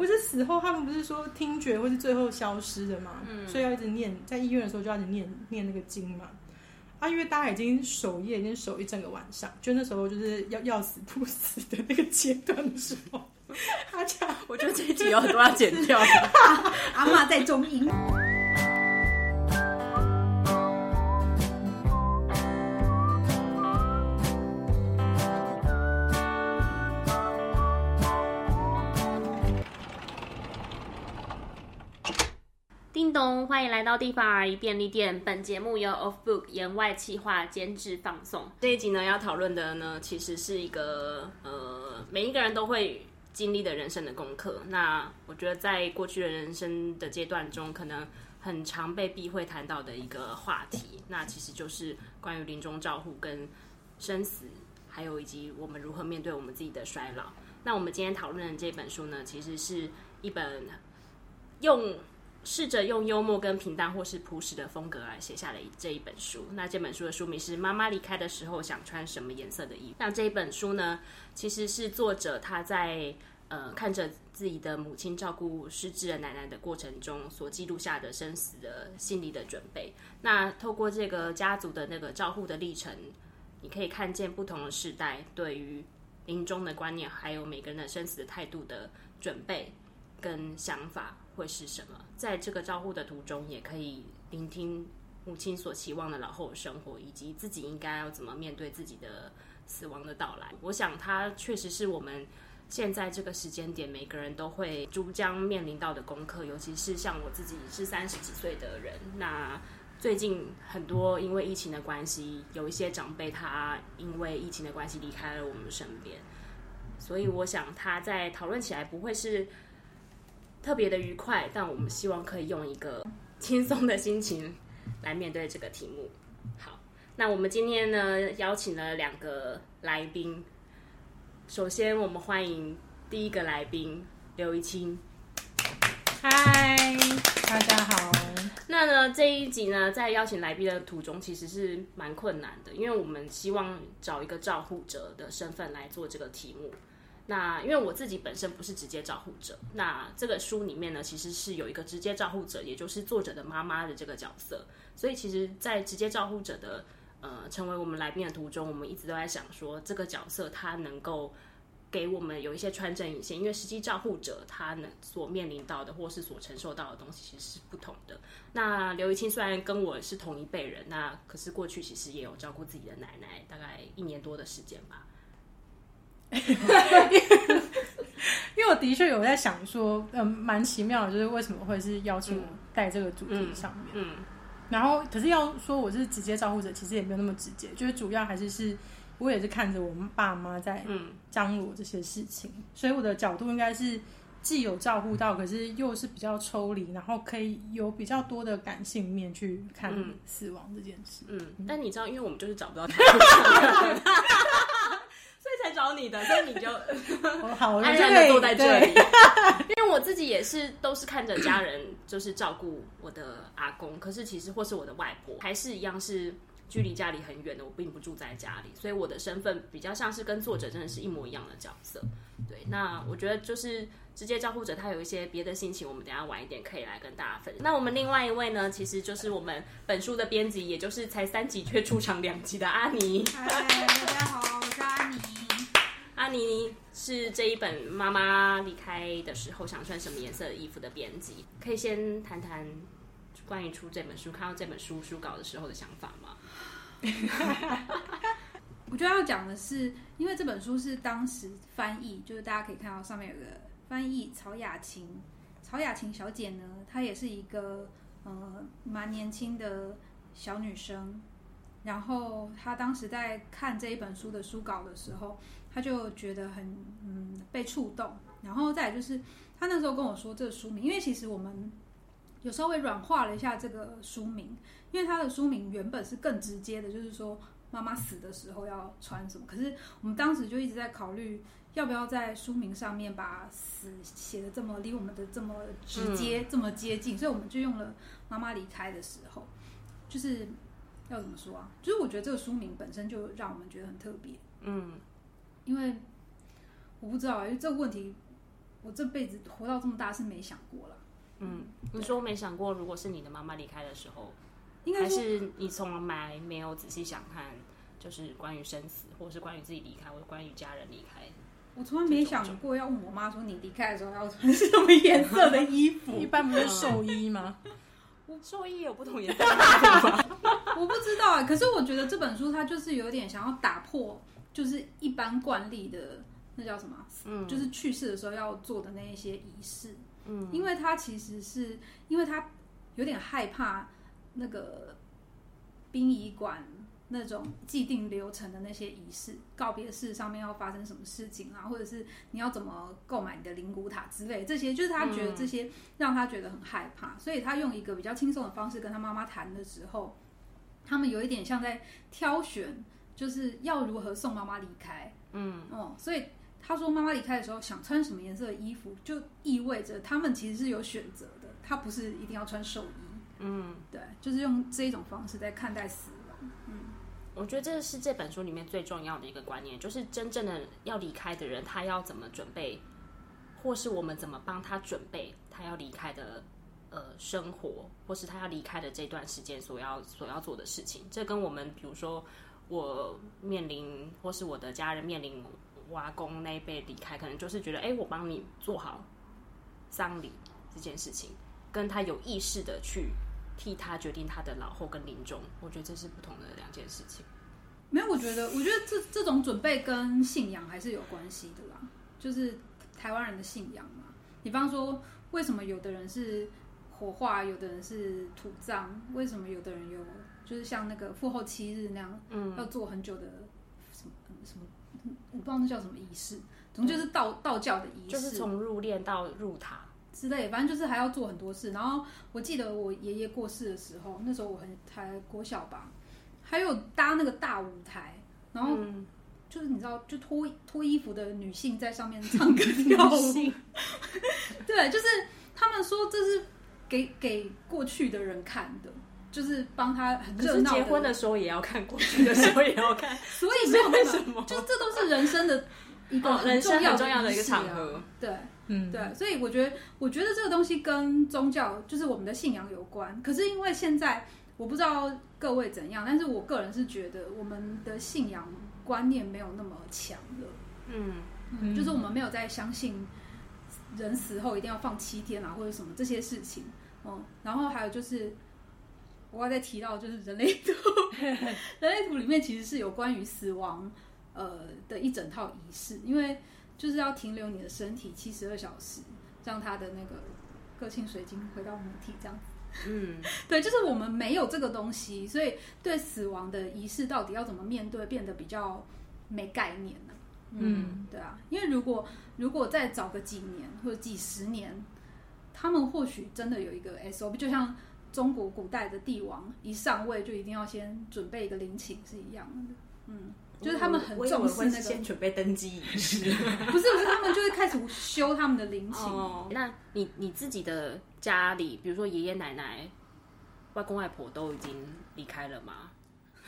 不是死後他們不是說聽覺會是最後消失的嘛、嗯，所以要一直念，在醫院的時候就要一直念念那個經嘛。啊，因為大家已經守夜，已經守一整個晚上，就那時候就是要要死不死的那個階段的時候，嗯、他講，我覺得這一集要都要剪掉、啊。阿嬤在綜藝。 歡迎來到地方而已便利店。本節目由 Off Book 言外企劃監製放送。這一集呢，要討論的呢，其實是一個呃每一個人都會經歷的人生的功課。那我覺得，在過去的人生的階段中，可能很常被避諱談到的一個話題，那其實就是關於臨終照護跟生死，還有以及我們如何面對我們自己的衰老。那我們今天討論的這本書呢，其實是一本用。試着用幽默跟平淡或是樸實的風格來寫下了這一本書。那這本書的書名是《媽媽離開的時候想穿什麼顏色的衣服》。那這一本書呢，其實是作者他在呃看着自己的母親照顧失智的奶奶的過程中所記錄下的生死的心理的準備。那透過這個家族的那個照護的歷程，你可以看見不同的世代對於臨終的觀念，還有每個人的生死的態度的準備跟想法會是什麼。在這個招呼的途中，也可以聆聽母親所期望的老後的生活，以及自己應該要怎麼面對自己的死亡的到來。我想，他確實是我們現在這個時間點每個人都會都將面臨到的功課。尤其是像我自己是三十幾歲的人，那最近很多因為疫情的關係，有一些長輩他因為疫情的關係離開了我們身邊，所以我想他在討論起來不會是。特別的愉快，但我們希望可以用一個輕鬆的心情來面對這個題目。好，那我們今天呢邀請了兩個來賓。首先，我們歡迎第一個來賓劉怡青。嗨，大家好。那呢這一集呢在邀請來賓的途中其實是蠻困難的，因為我們希望找一個照顧者的身份來做這個題目。那因為我自己本身不是直接照護者，那這個書裡面呢，其實是有一個直接照護者，也就是作者的媽媽的這個角色。所以其實，在直接照護者的呃成為我們來賓的途中，我們一直都在想說，這個角色他能夠給我們有一些穿針引線，因為實際照護者他能所面臨到的或是所承受到的東西其實是不同的。那劉怡青雖然跟我是同一輩人，那可是過去其實也有照顧自己的奶奶，大概一年多的時間吧。 因為我的確有在想說，嗯、呃，蠻奇妙的就是為什麼會是邀請我帶這個主題上面，嗯，嗯，然後可是要說我是直接照顧者，其實也沒有那麼直接，就是主要還是是，我也是看着我們爸媽在，嗯，張羅這些事情，所以我的角度應該是既有照顧到，可是又是比較抽離，然後可以有比較多的感性面去看死亡這件事，嗯，但你知道，因為我們就是找不到。 在找你的，所以你就安、 oh, 然的坐在這裡。因為我自己也是，都是看着家人，就是照顧我的阿公， 可是其實或是我的外婆，還是一樣是距離家裡很遠的，我並不住在家裡，所以我的身份比較像是跟作者真的是一模一樣的角色。對，那我覺得就是直接照顧者，他有一些別的心情，我們等下晚一點可以來跟大家分享。那我們另外一位呢，其實就是我們本書的編輯，也就是才三集卻出場兩集的阿尼。Hey, 大家好，我是阿尼。妮妮是這一本媽媽離開的時候想穿什麼顏色的衣服的編輯，可以先談談關於出這本書、看到這本書書稿的時候的想法嗎？ 我覺得要講的是，因為這本書是當時翻譯，就是大家可以看到上面有個翻譯曹雅琴，曹雅琴小姐呢，她也是一個呃、蠻年輕的小女生。然後他當時在看這一本書的書稿的時候，他就覺得很嗯被觸動。然後再就是，他那時候跟我說這個書名，因為其實我們有稍微軟化了一下這個書名，因為他的書名原本是更直接的，就是說媽媽死的時候要穿什麼。可是我們當時就一直在考慮要不要在書名上面把“死”寫得這麼離我們的這麼直接，嗯，這麼接近，所以我們就用了“媽媽離開的時候”，就是。要怎麼說啊？就是我覺得這個書名本身就讓我們覺得很特別。嗯，因為我不知道啊，因為這個問題，我這輩子活到這麼大是沒想過了。嗯，你說沒想過，如果是你的媽媽離開的時候，應該是還是你從來沒沒有仔細想看，就是關於生死，或者是關於自己離開，或者關於家人離開？我從來沒想過要問我媽說你離開的時候要穿什麼顏色的衣服， 一般不是壽衣嗎？ 作業有不同顏色， 我不知道啊、欸，可是我覺得這本書它就是有點想要打破，就是一般慣例的那叫什麼？就是去世的時候要做的那一些儀式。嗯，因為他其實是，因為他有點害怕那個殯儀館。那種既定流程的那些儀式，告別式上面要發生什麼事情啊，或者是你要怎麼購買你的靈骨塔之類，這些就是他覺得這些讓他覺得很害怕，嗯，所以他用一個比較輕鬆的方式跟他媽媽談的時候，他們有一點像在挑選，就是要如何送媽媽離開。嗯，哦，嗯，所以他說媽媽離開的時候想穿什麼顏色的衣服，就意味着他們其實是有選擇的，他不是一定要穿壽衣。嗯，對，就是用這一種方式在看待死。我覺得這是這本書裡面最重要的一個觀念，就是真正的要離開的人，他要怎麼準備，或是我們怎麼幫他準備他要離開的呃生活，或是他要離開的這段時間所要所要做的事情。這跟我們比如說我面臨，或是我的家人面臨外公那一輩離開，可能就是覺得，哎，我幫你做好喪禮這件事情，跟他有意識的去。替他決定他的老後跟臨終，我覺得這是不同的兩件事情。沒有，我覺得，我覺得這這種準備跟信仰還是有關係的啦。就是台灣人的信仰嘛，比方說，為什麼有的人是火化，有的人是土葬？為什麼有的人有就是像那個父後七日那樣，嗯，要做很久的什麼什麼，什麼，我不知道那叫什麼儀式，總就是道道教的儀式，就是從入殮到入塔。之類，反正就是還要做很多事。然後我記得我爺爺過世的時候，那時候我很才國小吧，還有搭那個大舞台，然後、嗯、就是你知道，就脫脫衣服的女性在上面唱歌跳舞。女性 對，就是他們說這是給給過去的人看的，就是幫他很熱鬧。結婚的時候也要看，過去的時候也要看， 所以沒有什麼，什麼，就這都是人生的一個重要的、啊哦、人生很重要的一個場合，對。嗯，對，所以我覺得，我覺得這個東西跟宗教，就是我們的信仰有關。可是因為現在，我不知道各位怎樣，但是我個人是覺得，我們的信仰觀念沒有那麼強了。嗯，嗯，就是我們沒有再相信人死後一定要放七天啊，或者什麼這些事情，嗯。然後還有就是，我要再提到就是人類圖， 人類圖裡面其實是有關於死亡，呃，的一整套儀式，因為。就是要停留你的身體七十二小時，讓他的那個個性水晶回到母體這樣，嗯， 對，就是我們沒有這個東西，所以對死亡的儀式到底要怎麼面對，變得比較沒概念了。嗯，嗯對啊，因為如果如果再早個幾年或者幾十年，他們或許真的有一個 SOP，就像中國古代的帝王一上位就一定要先準備一個陵寢是一樣的。嗯。就是他們很重視，那先準備登基儀式，不是，是他們就是開始修他們的陵寢哦、oh. 那你你自己的家裡，比如說爺爺奶奶、外公外婆都已經離開了嗎？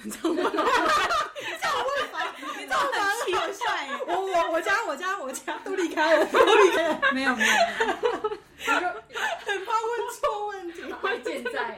你 這麼問嗎？你 這麼問嗎？你好帥！我我 我家我家我家都離開，我都離開 沒，沒有沒有。你 很怕問錯問題，關 鍵在。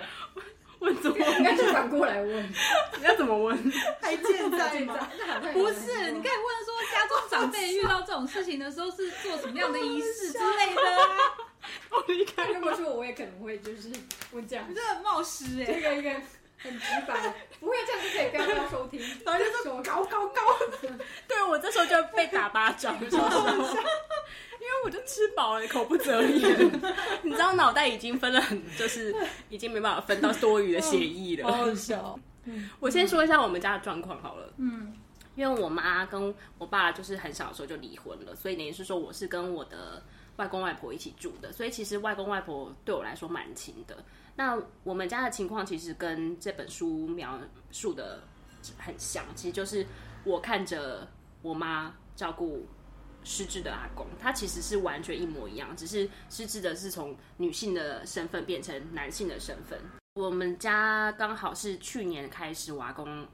應該是反過來問， 你要怎麼問？還健在嗎？在嗎，不是， 你可以問說家中長輩遇到這種事情的時候是做什麼樣的儀式之類的、啊。 哦、看我離開這麼說，我也可能會就是問這樣，你真的很冒失哎、欸？這個應該很直白， 不會這樣子可以不要，不要收聽。然後就說高高高， 對，我這時候就被打巴掌， 撞到 因為我就吃飽了、欸，口不擇言， 你知道，腦袋已經分了很，就是已經沒辦法分到多餘的血液了。 哦、好，好笑。我先說一下我們家的狀況好了。嗯，因為我媽跟我爸就是很小的時候就離婚了，所以等於是說我是跟我的外公外婆一起住的，所以其實外公外婆對我來說蠻親的。那我們家的情況其實跟這本書描述的很像，其實就是我看着我媽照顧。失智的阿公，他其實是完全一模一樣，只是失智的是從女性的身份變成男性的身份。我們家剛好是去年開始，阿公，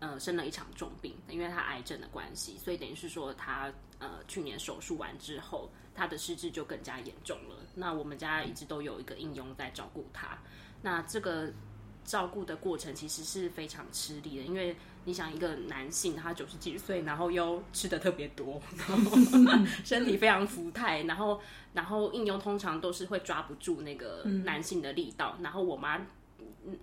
呃，生了一場重病，因為他癌症的關係，所以等於是說他呃去年手術完之後，他的失智就更加嚴重了。那我們家一直都有一個印傭在照顧他，那這個。照顧的過程其實是非常吃力的，因為你想一個男性他，九十幾歲，然後又吃得特別多，然後 身體非常福泰，然後然後印傭通常都是會抓不住那個男性的力道，嗯、然後我媽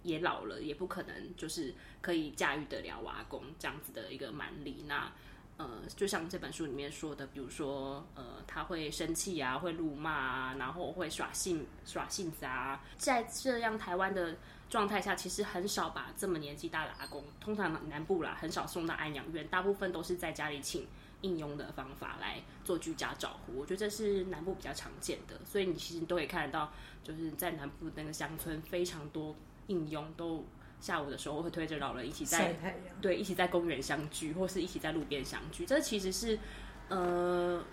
也老了，也不可能就是可以駕馭得了阿公，啊、這樣子的一個蠻力。那呃，就像這本書裡面說的，比如說呃，他會生氣啊，會怒罵啊，然後會耍性耍性子啊，在這樣台灣的。狀態下其實很少把這麼年紀大的阿公，通常南部啦很少送到安養院，大部分都是在家裡請應傭的方法來做居家照護。我覺得這是南部比較常見的，所以你其實都可以看得到，就是在南部那個鄉村非常多應傭。都下午的時候會推着老人一起在，對，一起在公園相聚或是一起在路邊相聚，這其實是呃。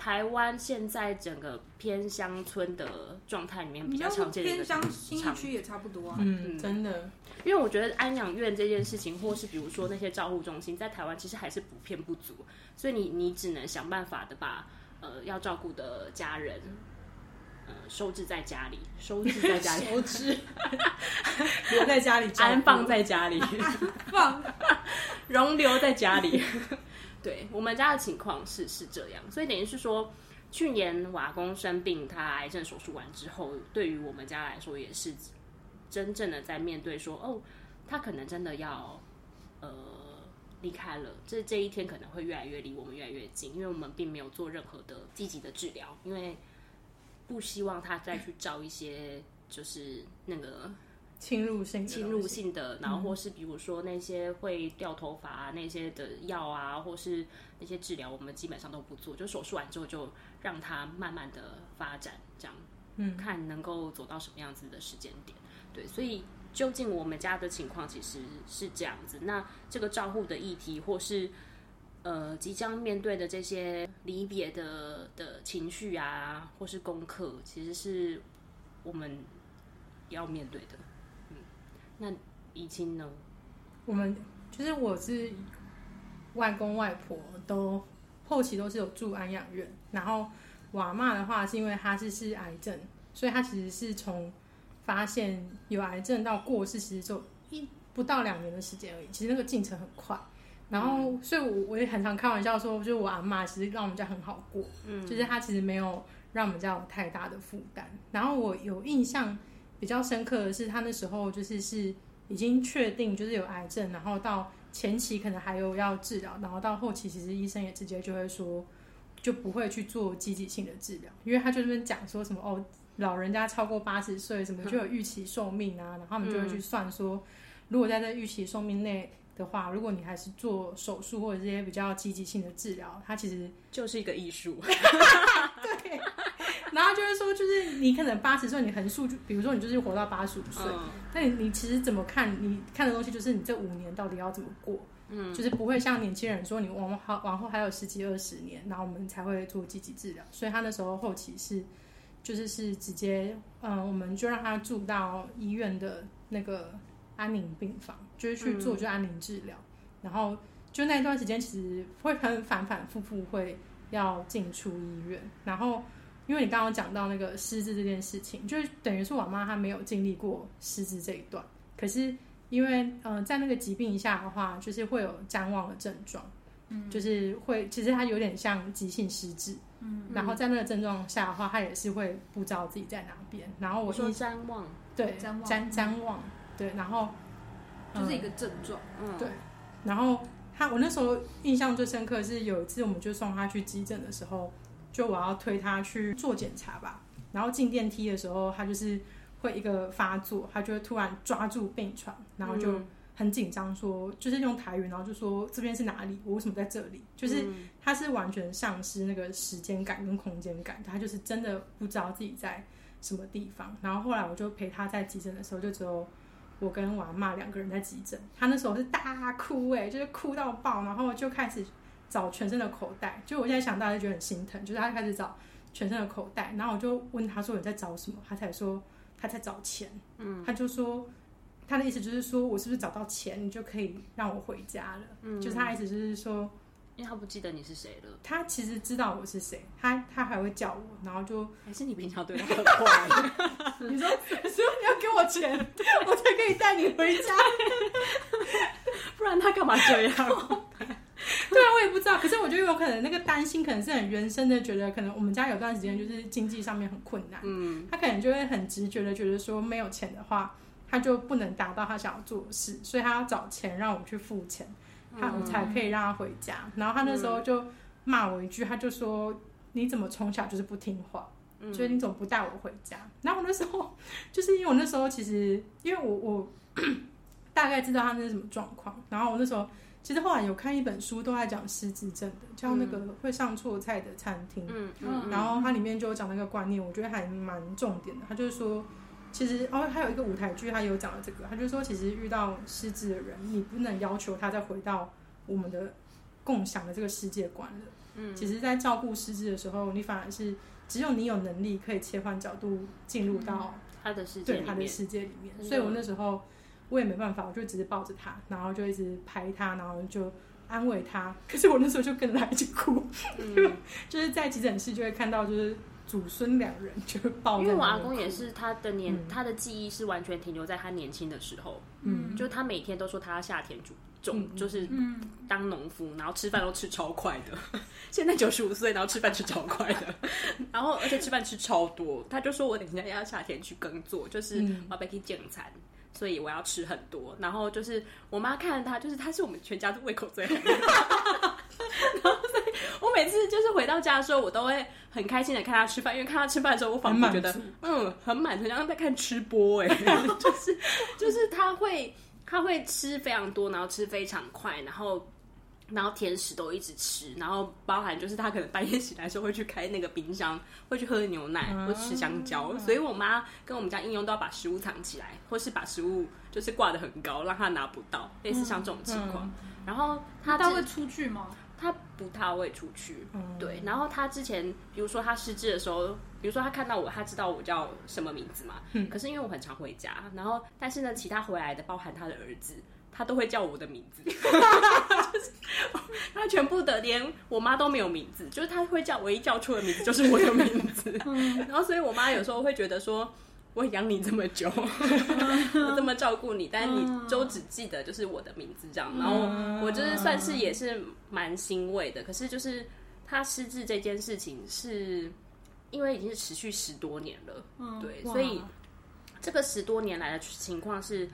台灣現在整個偏鄉村的狀態裡面比較常見的，偏鄉新區也差不多啊。嗯，真的，因為我覺得安養院這件事情，或是比如說那些照護中心，在台灣其實還是普遍不足，所以你你只能想辦法的把、呃、要照顧的家人、呃，收治在家裡，收治在家裡， 收治 留在家裡，安放在家裡，放，放 容留在家裡。對，我們家的情況是是這樣，所以等於是說，去年外公生病，他癌症手術完之後，對於我們家來說也是真正的在面對說，哦，他可能真的要呃離開了，這這一天可能會越來越離我們越來越近，因為我們並沒有做任何的積極的治療，因為不希望他再去遭一些就是那個。侵入性侵入性的，然後或是比如說那些會掉頭髮啊、嗯、那些的藥啊，或是那些治療，我們基本上都不做，就手術完之後就讓它慢慢的發展，這樣，嗯，看能夠走到什麼樣子的時間點。對，所以究竟我們家的情況其實是這樣子。那這個照護的議題，或是呃即將面對的這些離別的的情緒啊，或是功課，其實是我們要面對的。那已經呢？我們就是我是外公外婆都後期都是有住安養院，然後我阿嬤的話是因為她是是癌症，所以她其實是從發現有癌症到過世，其實就一不到兩年的時間而已，其實那個進程很快。然後，所以我我也很常開玩笑說，就是我阿嬤其實讓我們家很好過，嗯，就是她其實沒有讓我們家有太大的負擔。然後我有印象。比較深刻的是，他那時候就是是已經確定就是有癌症，然後到前期可能還有要治療，然後到後期其實醫生也直接就會說就不會去做積極性的治療，因為他就那邊講說什麼哦，老人家超過八十歲什麼就有預期壽命啊，嗯、然後你就會去算說，如果在這預期壽命內的話，如果你還是做手術或者這些比較積極性的治療，它其實就是一個藝術。 對。就是說，就是你可能八十歲，你橫豎就，比如說你就是活到八十五歲，Oh. 但你，你其實怎麼看，你看的東西就是你這五年到底要怎麼過，嗯、mm.，就是不會像年輕人說你往後往後還有十幾二十年，然後我們才會做積極治療，所以他那時候後期是就是是直接，嗯、呃，我們就讓他住到醫院的那個安寧病房，就是去做就安寧治療，mm. 然後就那段時間其實會很反反復復，會要進出醫院，然後。因為你剛剛講到那個失智這件事情，就是等於是我媽她沒有經歷過失智這一段。可是因為，嗯、呃，在那個疾病下的話，就是會有譫妄的症狀、嗯，就是會，其實它有點像急性失智，嗯嗯，然後在那個症狀下的話，她也是會不知道自己在哪邊。然後我，我說譫妄對，譫妄對，然後就是一個症狀，嗯，對。然後她我那時候印象最深刻是有一次，我們就送她去急診的時候。就我要推他去做檢查吧，然後進電梯的時候，他就是會一個發作，他就會突然抓住病床，然後就很緊張，說就是用台語，然後就說這邊是哪裡，我為什麼在這裡？就是他是完全喪失那個時間感跟空間感，他就是真的不知道自己在什麼地方。然後後來我就陪他在急診的時候，就只有我跟我媽兩個人在急診，他那時候是大哭，哎，就是哭到爆，然後就開始。找全身的口袋，就我現在想到就覺得很心疼。就是他開始找全身的口袋，然後我就問他說，你在找什麼？他才說他在找錢。嗯，他就說他的意思就是說，我是不是找到錢，你就可以讓我回家了？嗯，就是他意思就是說，因為他不記得你是誰了。他其實知道我是誰，他他還會叫我，然後就還是你平常對他很壞。 你說，所以你要給我錢，我才可以帶你回家， 不然他幹嘛這樣？可是我覺得有可能那個擔心可能是很原生的，覺得可能我們家有段時間就是經濟上面很困難，嗯，他可能就會很直覺的覺得說，沒有錢的話，他就不能達到他想要做的事，所以他要找錢讓我去付錢，他、嗯、我才可以讓他回家。然後他那時候就罵我一句，他就說：“你怎麼從小就是不聽話？”，所以你怎麼不帶我回家？然後我那時候就是因為我那時候其實因為我我大概知道他那是什麼狀況，然後我那時候。其實後來有看一本書，都在講失智症的，叫那個會上錯菜的餐廳。嗯嗯。然後它裡面就有講那個觀念，我覺得還蠻重點的。他就是說，其實哦，還有一個舞台劇，他有講到這個。他就是說，其實遇到失智的人，你不能要求他再回到我們的共享的這個世界觀了。嗯。其實，在照顧失智的時候，你反而是只有你有能力可以切換角度，進入到他的世界，他的世界裡面。裡面，所以我那時候。我也沒辦法，我就只是抱着他，然後就一直拍他，然後就安慰他。可是我那時候就跟著他一起哭，嗯、 就是在急診室就會看到就是祖孫兩人就抱。因為我阿公也是他的年、嗯，他的記憶是完全停留在他年輕的時候。嗯，就他每天都說他要下田種、嗯，就是當農夫，然後吃飯都吃超快的。嗯、現在九十五歲，然後吃飯吃超快的， 然後而且吃飯吃超多。 他就說我等一下要下田去耕作，就是我每天健餐。嗯所以我要吃很多，然後就是我媽看了她，就是她是我們全家的胃口最好。害。 然後所以我每次就是回到家的時候，我都會很開心的看她吃飯，因為看她吃飯的時候，我反而覺得滿嗯很滿足，很像在看吃播哎、欸， 就是就是她會她會吃非常多，然後吃非常快，然後。然後甜食都一直吃，然後包含就是他可能半夜醒來的時候會去開那個冰箱，會去喝牛奶，會吃香蕉、嗯。所以我媽跟我們家應用都要把食物藏起來，或是把食物就是掛得很高，讓他拿不到，類似像這種情況。嗯嗯、然後他他會出去嗎？他不太會出去、嗯。對，然後他之前比如說他失智的時候，比如說他看到我，他知道我叫什麼名字嘛。嗯。可是因為我很常回家，然後但是呢，其他回來的包含他的兒子。他都會叫我的名字， 就是、他全部的連我媽都沒有名字，就是他會叫唯一叫出的名字就是我的名字。 然後所以我媽有時候會覺得說，我養你這麼久， 我這麼照顧你，但你都只記得就是我的名字這樣。然後我就是算是也是蠻欣慰的。可是就是他失智這件事情，是因為已經是持續十多年了，對，所以這個十多年來的情況是。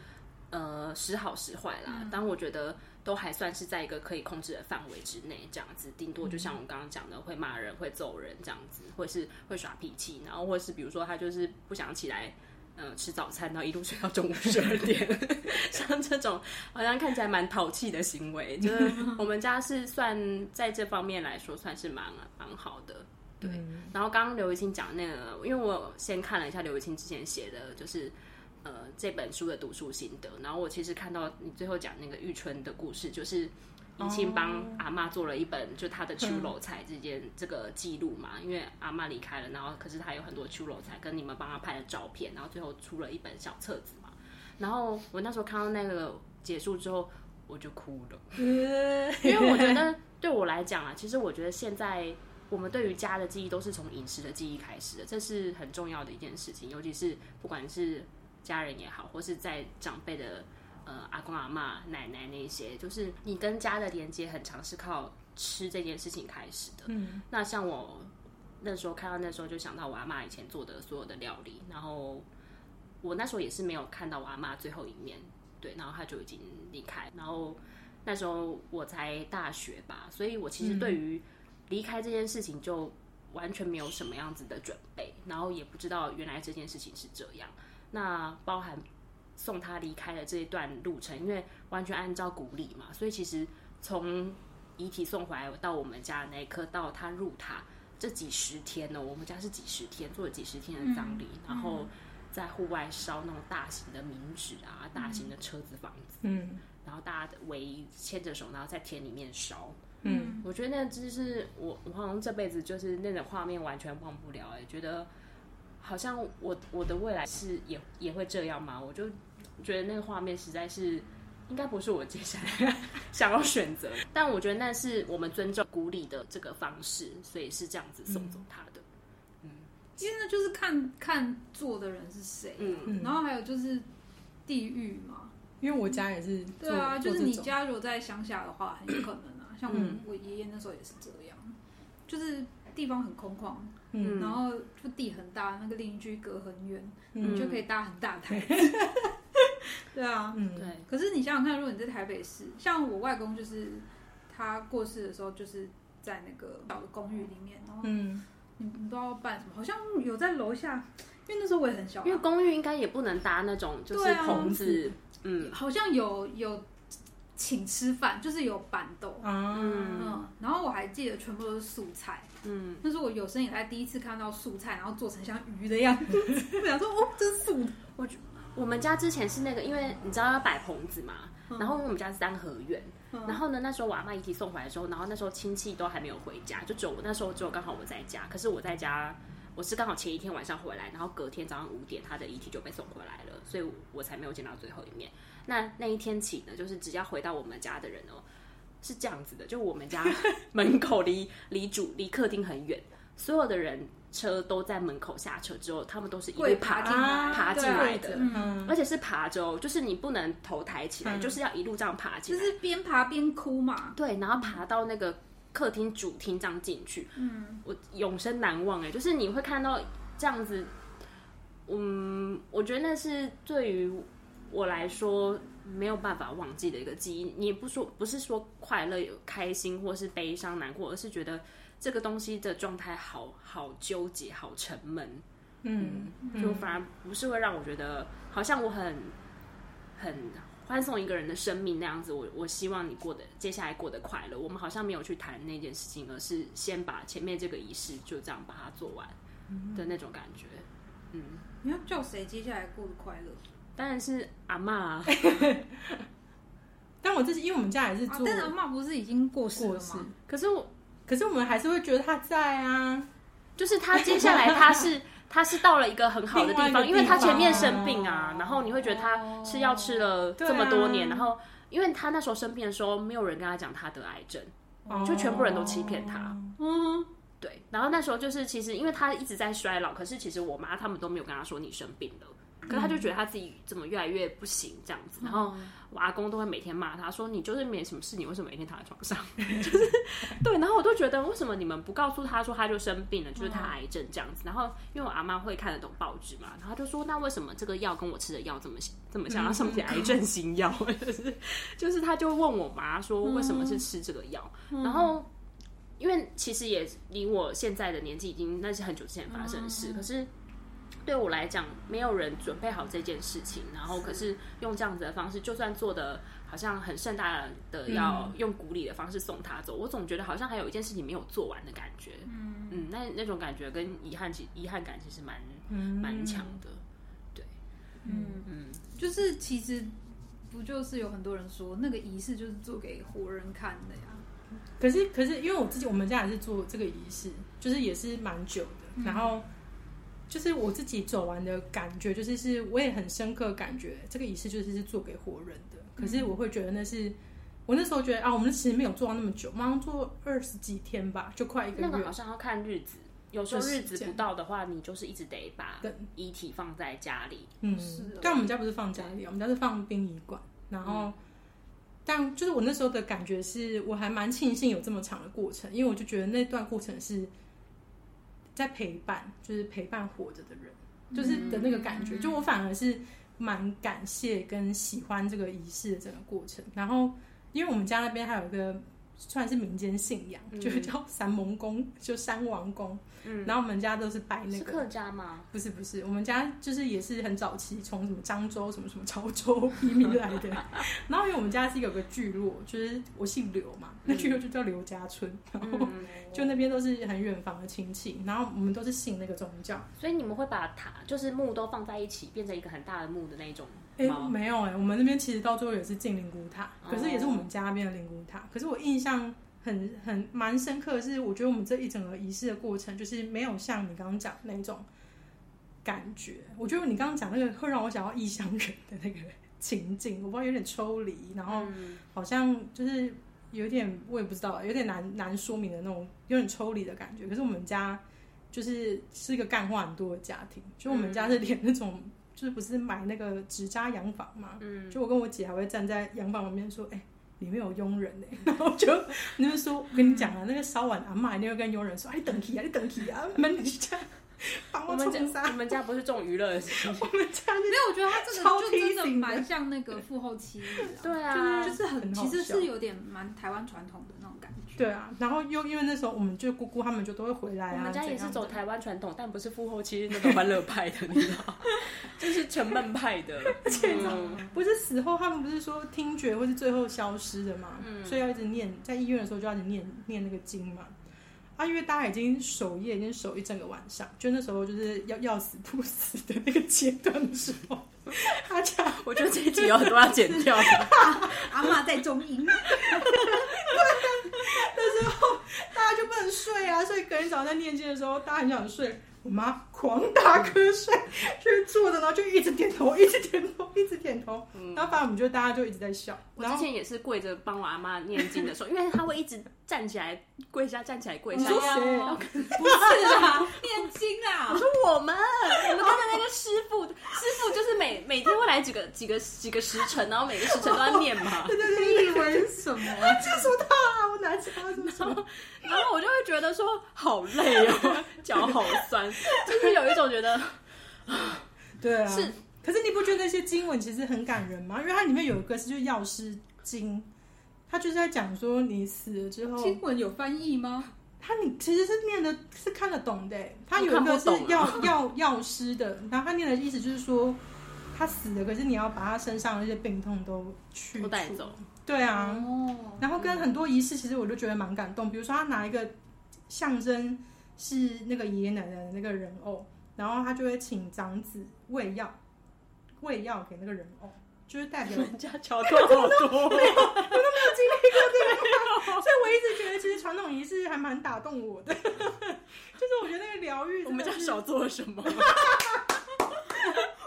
呃，時好時壞啦，嗯，但我覺得都還算是在一個可以控制的範圍之內。這樣子，頂多就像我剛剛講的，會罵人、會揍人這樣子，或是會耍脾氣，然後或是比如說他就是不想起來，嗯、呃，吃早餐，然後一路睡到中午十二點， 像這種好像看起來蠻淘氣的行為， 就是我們家是算在這方面來說算是蠻蠻好的。對，對嗯、然後剛剛劉怡青講那個，因為我先看了一下劉怡青之前寫的，就是。呃，這本書的讀書心得，然後我其實看到你最後講那個玉春的故事，就是怡青幫阿嬤做了一本，就她的手路菜這件、oh. 這個記錄嘛，因為阿嬤離開了，然後可是她有很多手路菜跟你們幫她拍的照片，然後最後出了一本小冊子嘛。然後我那時候看到那個結束之後，我就哭了， 因為我覺得對我來講啊，其實我覺得現在我們對於家的記憶都是從飲食的記憶開始的，這是很重要的一件事情，尤其是不管是。家人也好，或是在長輩的呃阿公阿嬤、奶奶那些，就是你跟家的連接，很常是靠吃這件事情開始的。嗯，那像我那時候看到那時候，就想到我阿嬤以前做的所有的料理，然後我那時候也是沒有看到我阿嬤最後一面，對，然後他就已經離開，然後那時候我才大學吧，所以我其實對於離開這件事情就完全沒有什麼樣子的準備，然後也不知道原來這件事情是這樣。那包含送他離開的這一段路程，因為完全按照古禮嘛，所以其實從遺體送回來到我們家那一刻，到他入塔這幾十天呢、喔，我們家是幾十天做了幾十天的葬禮、嗯，然後在戶外燒那種大型的冥紙啊、嗯，大型的車子房子，嗯，然後大家圍牽着手，然後在田裡面燒，嗯，我覺得那真是我我好像這輩子就是那種畫面完全忘不了哎、欸，覺得。好像我我的未來是也也會這樣嗎？我就覺得那個畫面實在是，應該不是我接下來想要選擇。 但我覺得那是我們尊重古禮的這個方式，所以是這樣子送走他的。嗯，其實呢就是看看做的人是誰、啊。嗯，然後還有就是地獄嘛，因為我家也是、嗯。對啊，就是你家如果在鄉下的話，很有可能啊，像我我爺爺那時候也是這樣，嗯、就是地方很空曠。嗯、然後就，地很大，那個鄰居隔很遠、嗯，你就可以搭很大台。 對啊、嗯，對。可是你想想看，如果你在台北市，像我外公，就是他過世的時候，就是在那個小的公寓裡面，然後，你你都要辦什麼，好像有在樓下，因為那時候我也很小、啊，因為公寓應該也不能搭那種，就是棚子、啊、子，嗯，好像有有請吃飯，就是有板豆嗯，嗯，然後我還記得全部都是素菜。嗯，那是我有生以來第一次看到素菜，然後做成像魚的樣子。 我想說，哦，真素！我 我們家之前是那個，因為你知道要擺棚子嘛、嗯，然後因為我們家是三合院、嗯，然後呢，那時候我阿嬤遺體送回來的時候，然後那時候親戚都還沒有回家，就只有我那時候只有剛好我在家。可是我在家，我是剛好前一天晚上回來，然後隔天早上五點，他的遺體就被送回來了，所以我，我才沒有見到最後一面。那那一天起呢，就是只要回到我們家的人哦。是這樣子的，就我們家門口離離 主離客廳很遠，所有的人車都在門口下車之後，他們都是一路爬爬進來的、嗯，而且是爬着，就是你不能頭抬起來，嗯、就是要一路這樣爬進來，就是邊爬邊哭嘛。對，然後爬到那個客廳主廳這樣進去，嗯，我永生難忘哎、欸，就是你會看到這樣子，嗯，我覺得那是對於我來說。沒有辦法忘記的一個記憶，你也不說，不是說快樂有開心或是悲傷難過，而是覺得這個東西的狀態好好糾結，好沉悶，嗯，嗯，就反而不是會讓我覺得好像我很很歡送一個人的生命那樣子，我我希望你過得接下來過得快樂。我們好像沒有去談那件事情，而是先把前面這個儀式就這樣把它做完的那種感覺，嗯，嗯，你要叫誰接下來過得快樂？當然是阿嬤、啊， 但我這是因為我們家還是住、啊，但是阿嬤不是已經過世了嗎？可是我，可是我們還是會覺得她在啊，就是他接下來他是 他是到了一個很好的地方，地方啊、因為他前面生病啊，哦、然後你會覺得他吃藥吃了這麼多年、啊，然後因為他那時候生病的時候，沒有人跟他講他得癌症、哦，就全部人都欺騙他，嗯，對，然後那時候就是其實因為他一直在衰老，可是其實我媽他們都沒有跟他說你生病了。可是他就覺得他自己怎麼越來越不行這樣子，嗯、然後我阿公都會每天罵他說：“你就是沒什麼事，你為什麼每天躺在床上？” 就是對，然後我都覺得為什麼你們不告訴他說他就生病了，就是他癌症這樣子。嗯、然後因為我阿媽會看得懂報紙嘛，然後她就說：“那為什麼這個藥跟我吃的藥怎麼怎麼像？嗯、他是不是癌症新藥、嗯 就是？”就是他就問我媽說：“為什麼是吃這個藥、嗯？”然後、嗯、因為其實也離我現在的年紀已經那是很久之前發生的事，可、嗯、是。嗯嗯對我來講，沒有人準備好這件事情，然後可是用這樣子的方式，就算做的好像很盛大的，要用古禮的方式送他走，嗯，我總覺得好像還有一件事情沒有做完的感覺。嗯，那那種感覺跟遺憾，其遺憾感其實蠻，嗯、蠻強的。對，嗯嗯，就是其實不就是有很多人說那個儀式就是做給活人看的呀？可是可是，因為我自己我們家也是做這個儀式，就是也是蠻久的，嗯、然後。就是我自己走完的感覺，就是是我也很深刻的感覺，這個儀式就是是做給活人的。可是我會覺得那是我那時候覺得啊，我們其實沒有做到那麼久，馬上做二十幾天吧，就快一個月。那個、好像要看日子，有時候日子不到的話，你就是一直得把遺體放在家裡。嗯，是的。但我們家不是放家裡，我們家是放殯儀館。然後、嗯，但就是我那時候的感覺是，我還蠻慶幸有這麼長的過程，因為我就覺得那段過程是。在陪伴，就是陪伴活着的人，就是的那個感覺。嗯、就我反而是蠻感謝跟喜歡這個儀式的整個過程。然後，因為我們家那邊還有一個。算是民間信仰，嗯、就是叫三盟公，就三王公。嗯，然後我們家都是拜那個。是客家嗎？不是，不是，我們家就是也是很早期從什麼漳州、什麼什麼潮州移民 來的。然後因為我們家是有個聚落，就是我姓劉嘛、嗯，那聚落就叫劉家村。然後就那邊都是很遠房的親戚，然後我們都是信那個宗教。所以你們會把塔就是墓都放在一起，變成一個很大的墓的那種。哎、欸，沒有哎、欸，我們那邊其實到最後也是進靈骨塔、哦，可是也是我們家那邊的靈骨塔、哦。可是我印象很很蠻深刻的是，我覺得我們這一整個儀式的過程，就是沒有像你剛剛講的那種感覺。我覺得你剛剛講那個會讓我想到異鄉人的那個情景，我不知道，有點抽離，然後好像就是有點我也不知道，有點難難說明的那種有點抽離的感覺。可是我們家就是是一個乾話很多的家庭，就我們家是連那種。嗯就是不是買那個紙扎洋房嘛？嗯，就我跟我姐還會站在洋房旁邊說：“哎、欸，裡面有傭人呢、欸嗯。然後就，你就說，我跟你講啊，那個燒碗啊，媽，你會跟傭人說：“哎、嗯，等一啊，你等一啊。你啊家我”我們家，我 們家不是這種娛樂的事情。 我們家沒有，因為我覺得他這個就真的蠻像那個父後期、啊、 對啊，就是很好，其實是有點蠻台灣傳統的。對啊，然後又因為那時候我們就姑姑他們就都會回來啊。我們家也是走台灣傳統，但不是父後期那種歡樂派的，你知道？ 就是沉悶派的，嗯、而且不是死後他們不是說聽覺會是最後消失的嗎？嗯、所以要一直念，在醫院的時候就要一直念、嗯、念那個經嘛。啊，因為大家已經守夜，已經守一整個晚上，就那時候就是要要死不死的那個階段的時候。他講， 我覺得這一集有很多要剪掉的、啊。阿媽在中醫 睡，跟人早上在念經的時候，大家很想睡。我媽狂打瞌睡，就是坐着，然後就一直點頭，一直點頭，一直點頭，一直點頭、嗯。然後反正我們就大家就一直在笑。我之前也是跪着幫我阿媽念經的時候， 因為她會一直站起來跪下站起來跪下。我說喔、 不是啦 念經啊！ 我說我們， 我們跟着那個師傅， 師傅就是每每天會來幾個幾個幾個時辰，然後每個時辰都在念嘛。對對對。你以為什麼？ 啊、就說到啊，我哪知道他就說。 然後我就會覺得說好累哦，啊，腳好酸，就是有一種覺得對啊，是。可是你不覺得那些經文其實很感人嗎？因為它裡面有一個是就是藥師經，他就是在講說你死了之後，經文有翻譯嗎？他你其實是念的，是看得懂的，欸。他有一個是藥藥藥師的，然後他念的意思就是說他死了，可是你要把他身上那些病痛都去帶走。對啊，oh, okay. 然後跟很多儀式，其實我都覺得蠻感動。比如說他拿一個象徵是那個爺爺奶奶的那個人偶，然後他就會請長子餵藥，餵藥給那個人偶，就是代表人家橋段好多，我、這、都、個、 沒有經歷過這個，所以我一直覺得其實傳統儀式還蠻打動我的。 就是我覺得那個療癒，我們家少做了什麼？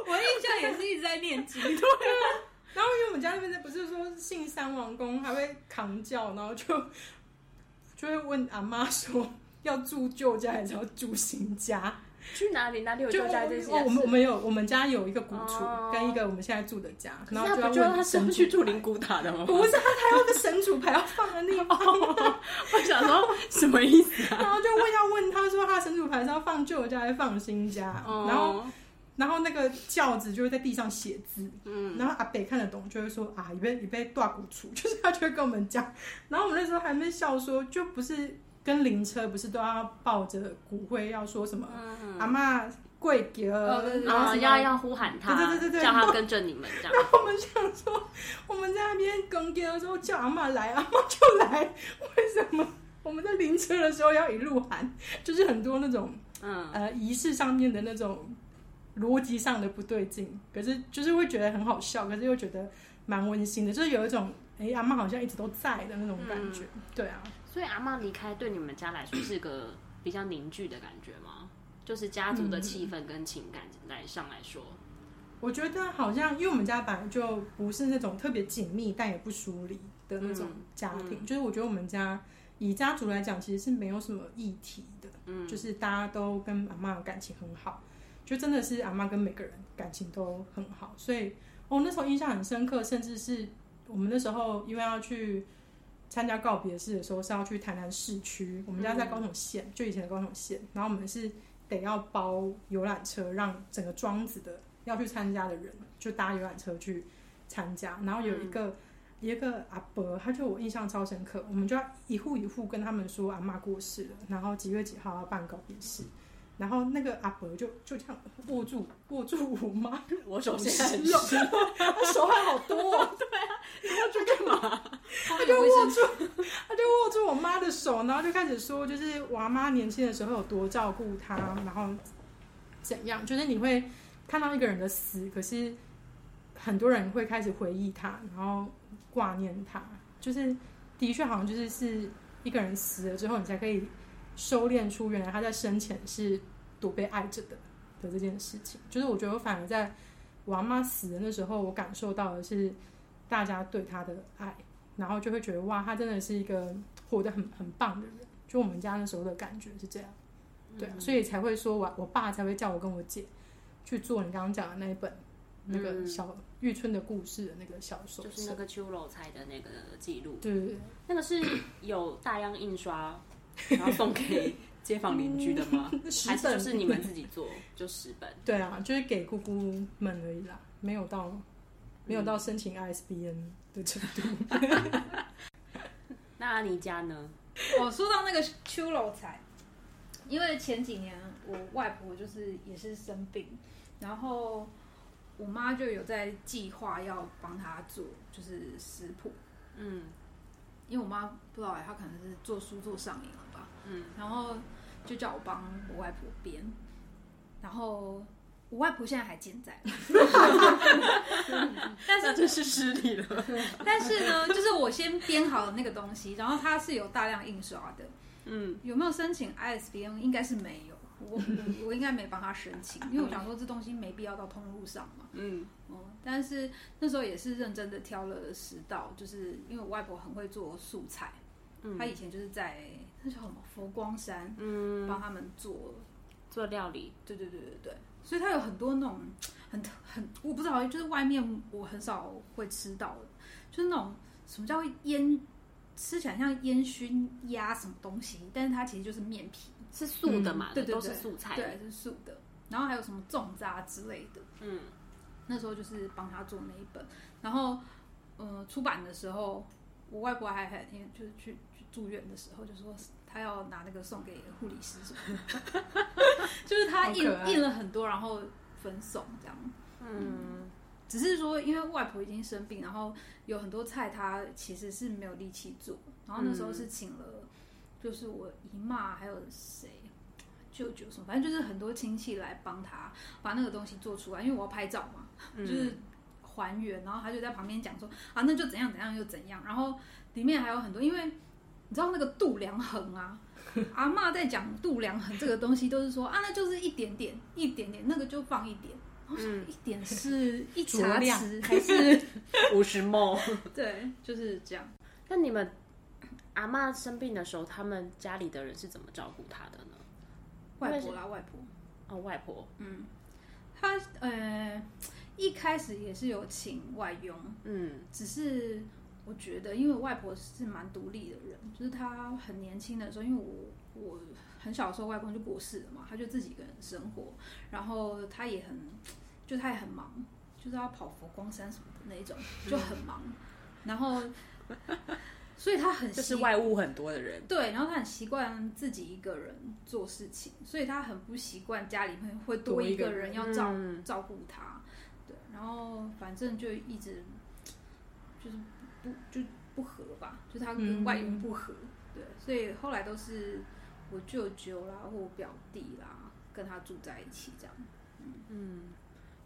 我印象也是一直在念經， 對、啊。然後因為我們家那邊不是說信三王公還會扛轎，然後就就會問阿媽說要住舊家還是要住新家？去哪裡？哪裡有舊家這些？哦，我們我們有我們家有一個古厝、哦、跟一個我們現在住的家。然後就要問神他什麼去住靈骨塔的嗎？不是，他他要的神主牌要放的地方。我想說，什麼意思？然後就問要問他說他神主牌是要放舊家還是放新家？哦、然後。然後那個轎子就會在地上寫字，嗯，然後阿北看得懂，就會說啊，一杯一杯大骨醋，就是他就會跟我們講。然後我們那時候還沒笑說，說就不是跟靈車不是都要抱着骨灰要說什麼？嗯，阿媽跪地、呃，然後、啊、要要呼喊他，對對對，對，叫他跟着你們。然後我們想說，我們在那邊跪地的時候叫阿媽來，阿媽就來，為什麼？我們在靈車的時候要一路喊，就是很多那種，嗯呃，儀式上面的那種。邏輯上的不對勁，可是就是會覺得很好笑，可是又覺得蠻溫馨的，就是有一種哎、欸、阿嬤好像一直都在的那種感覺。嗯、對啊，所以阿嬤離開對你們家來說是個比較凝聚的感覺嗎？嗯、就是家族的氣氛跟情感來上來說，我覺得好像因為我們家本來就不是那種特別緊密但也不疏離的那種家庭、嗯嗯，就是我覺得我們家以家族來講其實是沒有什麼議題的，嗯，就是大家都跟阿嬤的感情很好。就真的是阿媽跟每個人感情都很好，所以我、哦、那時候印象很深刻，甚至是我們那時候因為要去參加告別式的時候，是要去台南市區，我們家在高雄縣、嗯、就以前的高雄縣，然後我們是得要包遊覽車，讓整個莊子的要去參加的人就搭遊覽車去參加，然後有一個、嗯、有一個阿伯，他就我印象超深刻，我們就要一戶一戶跟他們說阿媽過世了，然後幾月幾號要辦告別式。然後那個阿婆就就這樣握住握住我媽，我手現在很濕了，他 手汗好多、哦。 對啊，你要去幹嘛？他就握住，他就，就握住我媽的手，然後就開始說，就是我媽年輕的時候有多照顧她，然後怎樣，就是你會看到一個人的死，可是很多人會開始回憶他，然後掛念他，就是的確好像就是是一個人死了之後，你才可以。修煉出原來他在生前是都被愛着的的這件事情，就是我覺得我反而在我阿嬤死的那時候，我感受到的是大家對他的愛，然後就會覺得哇，他真的是一個活得很很棒的人。就我們家那時候的感覺是這樣，對，嗯、所以才會說我我爸才會叫我跟我姐去做你剛剛講的那一本、嗯、那個小玉春的故事的那個小說，就是那個手路菜的那個記錄，對，那個是有大量印刷。然後送給街坊鄰居的嗎？嗯、還是就是你們自己做，就十本。對啊，就是給姑姑們而已啦，沒有到，嗯、沒有到申請 ISBN 的程度。嗯、 那你家呢？我、哦、說到那個手路菜，因為前幾年我外婆就是也是生病，然後我媽就有在計劃要幫她做，就是食譜。嗯，因為我媽不知道哎，她可能是做書做上癮了。嗯、然後就叫我幫我外婆編，然後我外婆現在還健在了、 嗯，但是這是失禮了、嗯。但是呢，就是我先編好了那個東西，然後它是有大量印刷的。嗯，有沒有申請 ISBN 應該是沒有，我我應該沒幫他申請， 因為我想說這東西沒必要到通路上嘛。嗯，嗯嗯但是那時候也是認真的挑了十道，就是因為我外婆很會做素菜，她、嗯、以前就是在。那叫什麼？佛光山，嗯，幫他們做做料理，對對對對對。所以他有很多那種很很，我不知道，就是外面我很少會吃到的，就是那種什麼叫煙，吃起來像煙熏鴨什麼東西，但是它其實就是麵皮，是素的嘛、嗯，對對對，都是素菜，對，是素的。然後還有什麼重渣之類的，嗯。那時候就是幫他做那一本，然後嗯、呃，出版的時候，我外婆還還就是去。住院的時候就說他要拿那個送給護理師 就是他印印了很多，然後分送這樣，嗯。嗯，只是說因為外婆已經生病，然後有很多菜他其實是沒有力氣做，然後那時候是請了，就是我姨媽還有誰、嗯、舅舅說，反正就是很多親戚來幫他把那個東西做出來，因為我要拍照嘛，就是還原。然後他就在旁邊講說啊，那就怎樣怎樣又怎樣，然後裡面還有很多因為。你知道那個度量衡啊？ 阿嬤在講度量衡這個東西，都是說啊，那就是一點點，一點點，那個就放一點，然後嗯、一點是一茶匙還是不是嗎？ 對，就是這樣。那你們阿嬤生病的時候，他們家裡的人是怎麼照顧她的呢？外婆啦，外婆哦，外婆，嗯，她呃一開始也是有請外傭，嗯，只是。我覺得，因為我外婆是蠻獨立的人，就是她很年輕的時候，因為我我很小的時候，外公就過世了嘛，他就自己一個人生活，然後他也很，就他也很忙，就是要跑佛光山什麼的那一種，就很忙，然後， 所以他很就是外務很多的人，對，然後他很習慣自己一個人做事情，所以他很不習慣家裡會會多一個人要照、多一個人、嗯、照顧他，對，然後反正就一直就是。就不合吧，就他跟外人不合，嗯。對，所以後來都是我舅舅啦，或我表弟啦跟他住在一起，這樣。嗯，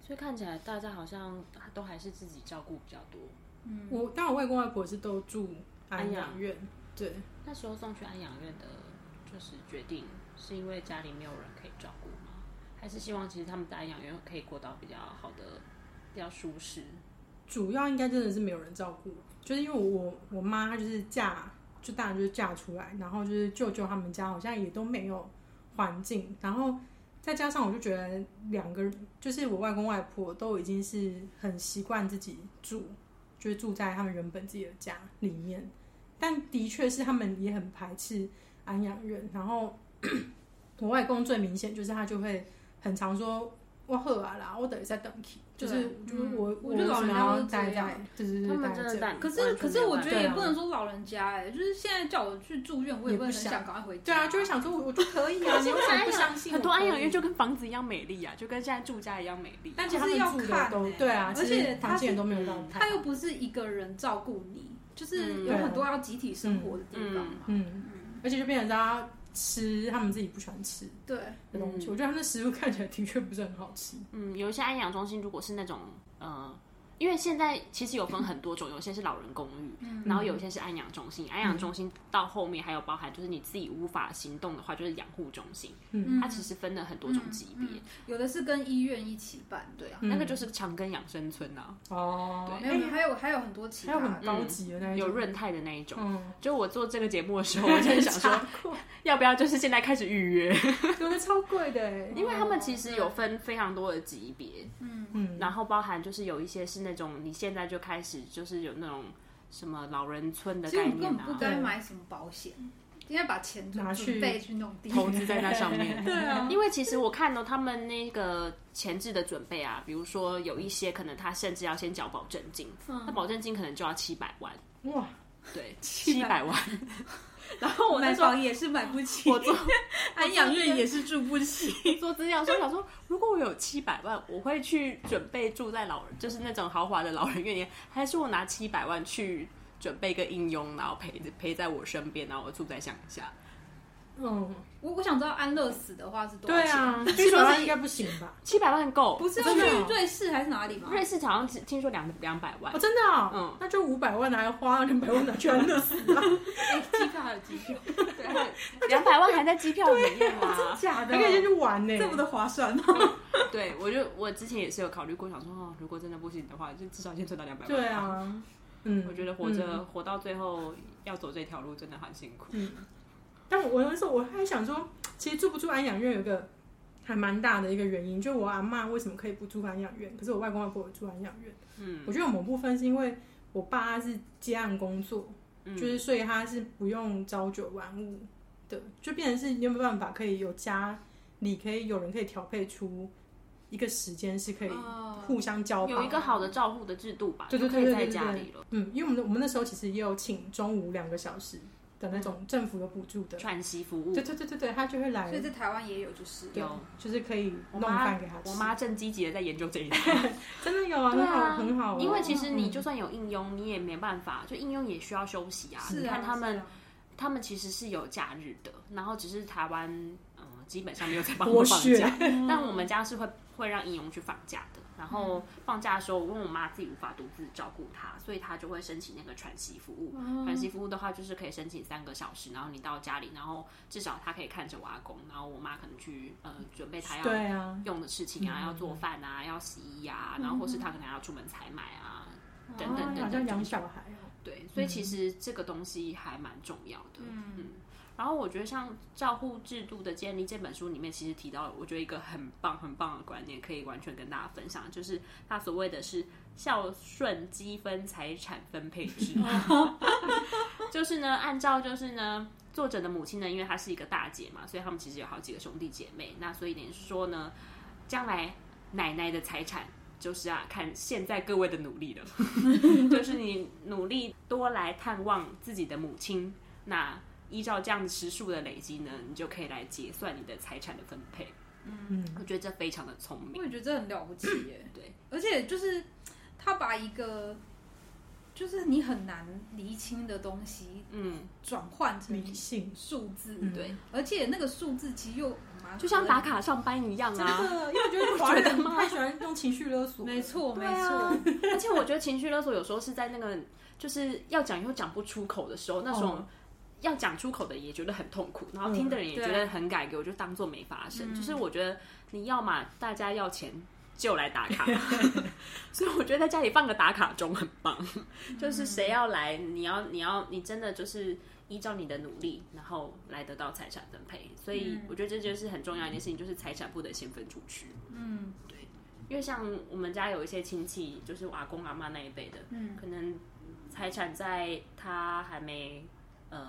所以看起來大家好像都還是自己照顧比較多。嗯，我但我外公外婆是都住安養院，安養。對，那時候送去安養院的，就是決定是因為家裡沒有人可以照顧嗎？還是希望其實他們在安養院可以過到比較好的、比較舒適？主要應該真的是沒有人照顧。就是因為我我媽，她就是嫁，就當然就是嫁出來，然後就是舅舅他們家好像也都沒有環境，然後再加上我就覺得兩個人，就是我外公外婆都已經是很習慣自己住，就是住在他們原本自己的家裡面，但的確是他們也很排斥安養院，然後我外公最明顯就是他就會很常說我好啊啦，我等一下等就是，我、嗯，我覺得老人家都是這、這樣，他們真可是，啊，可是我覺得也不能說老人家哎，欸，就是現在叫我去住院，我也不能也不想趕快回家，啊。對啊，就是想說我我可以啊，你為什麼不相信？很多安養院就跟房子一樣美麗啊，就跟現在住家一樣美麗。但是要看，對啊，而且他他又不是一個人照顧你，嗯，就是有很多要集體生活的地方嘛。嗯嗯、嗯、嗯，而且就變成大家。吃他們自己不喜歡吃的東西，我覺得他們的食物看起來的確不是很好吃。嗯，有一些安養中心，如果是那種，嗯、呃。因為現在其實有分很多種， 有些是老人公寓，嗯、然後有些是安養中心，安養中心到後面還有包含，就是你自己無法行動的話，就是養護中心。嗯，它其實分了很多種級別、嗯嗯嗯，有的是跟醫院一起辦，對啊、嗯，那個就是長庚養生村啊。哦、嗯，對，沒有沒有還有還有很多其他，還有很高級的，有潤泰的那一種。嗯、哦，就我做這個節目的時候，我就是想說，要不要就是現在開始預約？有 的超貴的，因為他們其實有分非常多的級別，嗯嗯，然後包含就是有一些是。那種你現在就開始就是有那種什麼老人村的概念、啊，不該買什麼保險、嗯，應該把錢拿去準備去弄拿去投資在那上面。 對啊，因為其實我看到、喔、 他們那個前置的準備啊，比如說有一些可能他甚至要先繳保證金，那、嗯、保證金可能就要七百萬哇，對，七百、七百萬。 然後我買房也是買不起，我做 安養院，做院也是住不起。 做資料說想說，如果我有七百萬，我會去準備住在老人，就是那種豪華的老人院裡，還是我拿七百萬去準備一個印傭，然後陪着陪在我身邊，然後我住在鄉下。嗯。我我想知道安樂死的話是多少錢？對啊，據說 應該不行吧？七百萬夠？不是、啊，去瑞士還是哪裡嗎？瑞士好像只聽說兩兩百萬、哦。真的、哦？嗯。那就五百萬拿來花，兩百萬拿去安樂死啊？機、 欸、票還有機票， 對兩百萬還在機票裡面嗎？ 啊、假的，你可以先去玩呢、欸，這麼的划算 對。對，我就我之前也是有考慮過，想說哦，如果真的不行的話，就至少先存到兩百萬。對啊，嗯，我覺得活着、嗯、活到最後要走這條路真的很辛苦。嗯。但我那時候我還想說，其實住不住安養院，有個還蠻大的一個原因，就我阿嬤為什麼可以不住安養院，可是我外公外婆住安養院。嗯，我覺得有某部分是因為我爸他是接案工作，就是所以他是不用朝九晚五的，嗯、就變成是你有沒有辦法可以有家裡可以有人可以調配出一個時間是可以互相交、呃、有一個好的照護的制度吧，就就可以在家裡了。嗯，因為我們我們那時候其實也有請中午兩個小時。的那種政府的補助的喘息服務，對對對對他就會來。所以在台灣也有，就是有，就是可以弄飯給他吃。我媽正積極的在研究這一點 真的有啊， 很好、啊、很好、啊。因為其實你就算有應用、嗯，你也沒辦法，就應用也需要休息啊。是啊你看他們、啊，他們其實是有假日的，然後只是台灣。基本上沒有在幫我放假，但我們家是會 會讓印傭去放假的。然後放假的時候，嗯、因為我跟我媽自己無法獨自照顧她，所以她就會申請那個喘息服務。喘、哦、息服務的話，就是可以申請三個小時，然後你到家裡，然後至少她可以看着我阿公，然後我媽可能去、呃、準備他要用的事情啊，啊要做飯啊、嗯，要洗衣啊，然後或是他可能要出門採買啊、哦、等等等等。養小孩啊、哦。對、嗯，所以其實這個東西還蠻重要的，嗯。嗯然後我覺得，像照護制度的建立，這本書裡面其實提到，我覺得一個很棒、很棒的觀念，可以完全跟大家分享，就是他所謂的是孝順積分財產分配制。 就是呢，按照就是呢，作者的母親呢，因為她是一個大姐嘛，所以他們其實有好幾個兄弟姐妹。那所以等於說呢，將來奶奶的財產就是啊，看現在各位的努力了。 就是你努力多來探望自己的母親，那。依照這樣時數的累積呢，你就可以來結算你的財產的分配。嗯，我覺得這非常的聰明，我也覺得這很了不起耶、嗯。對，而且就是他把一個就是你很難理清的東西轉換，嗯，轉換成理性數字，對，而且那個數字其實又就像打卡上班一樣啊。真的，因為我覺得華人太喜歡用情緒勒索 沒錯，沒錯，沒錯、啊。 而且我覺得情緒勒索有時候是在那個就是要講又講不出口的時候那種、哦。要講出口的也覺得很痛苦，然後聽的人也覺得很感慨，我就當做沒發生、嗯。就是我覺得你要嘛，大家要錢就來打卡。嗯、 所以我覺得在家裡放個打卡鐘很棒。嗯、就是誰要來，你要你要你真的就是依照你的努力，然後來得到財產分配。所以我覺得這就是很重要一件事情，就是財產不得先分出去。嗯，對，因為像我們家有一些親戚，就是我阿公阿媽那一輩的，嗯，可能財產在他還沒。呃，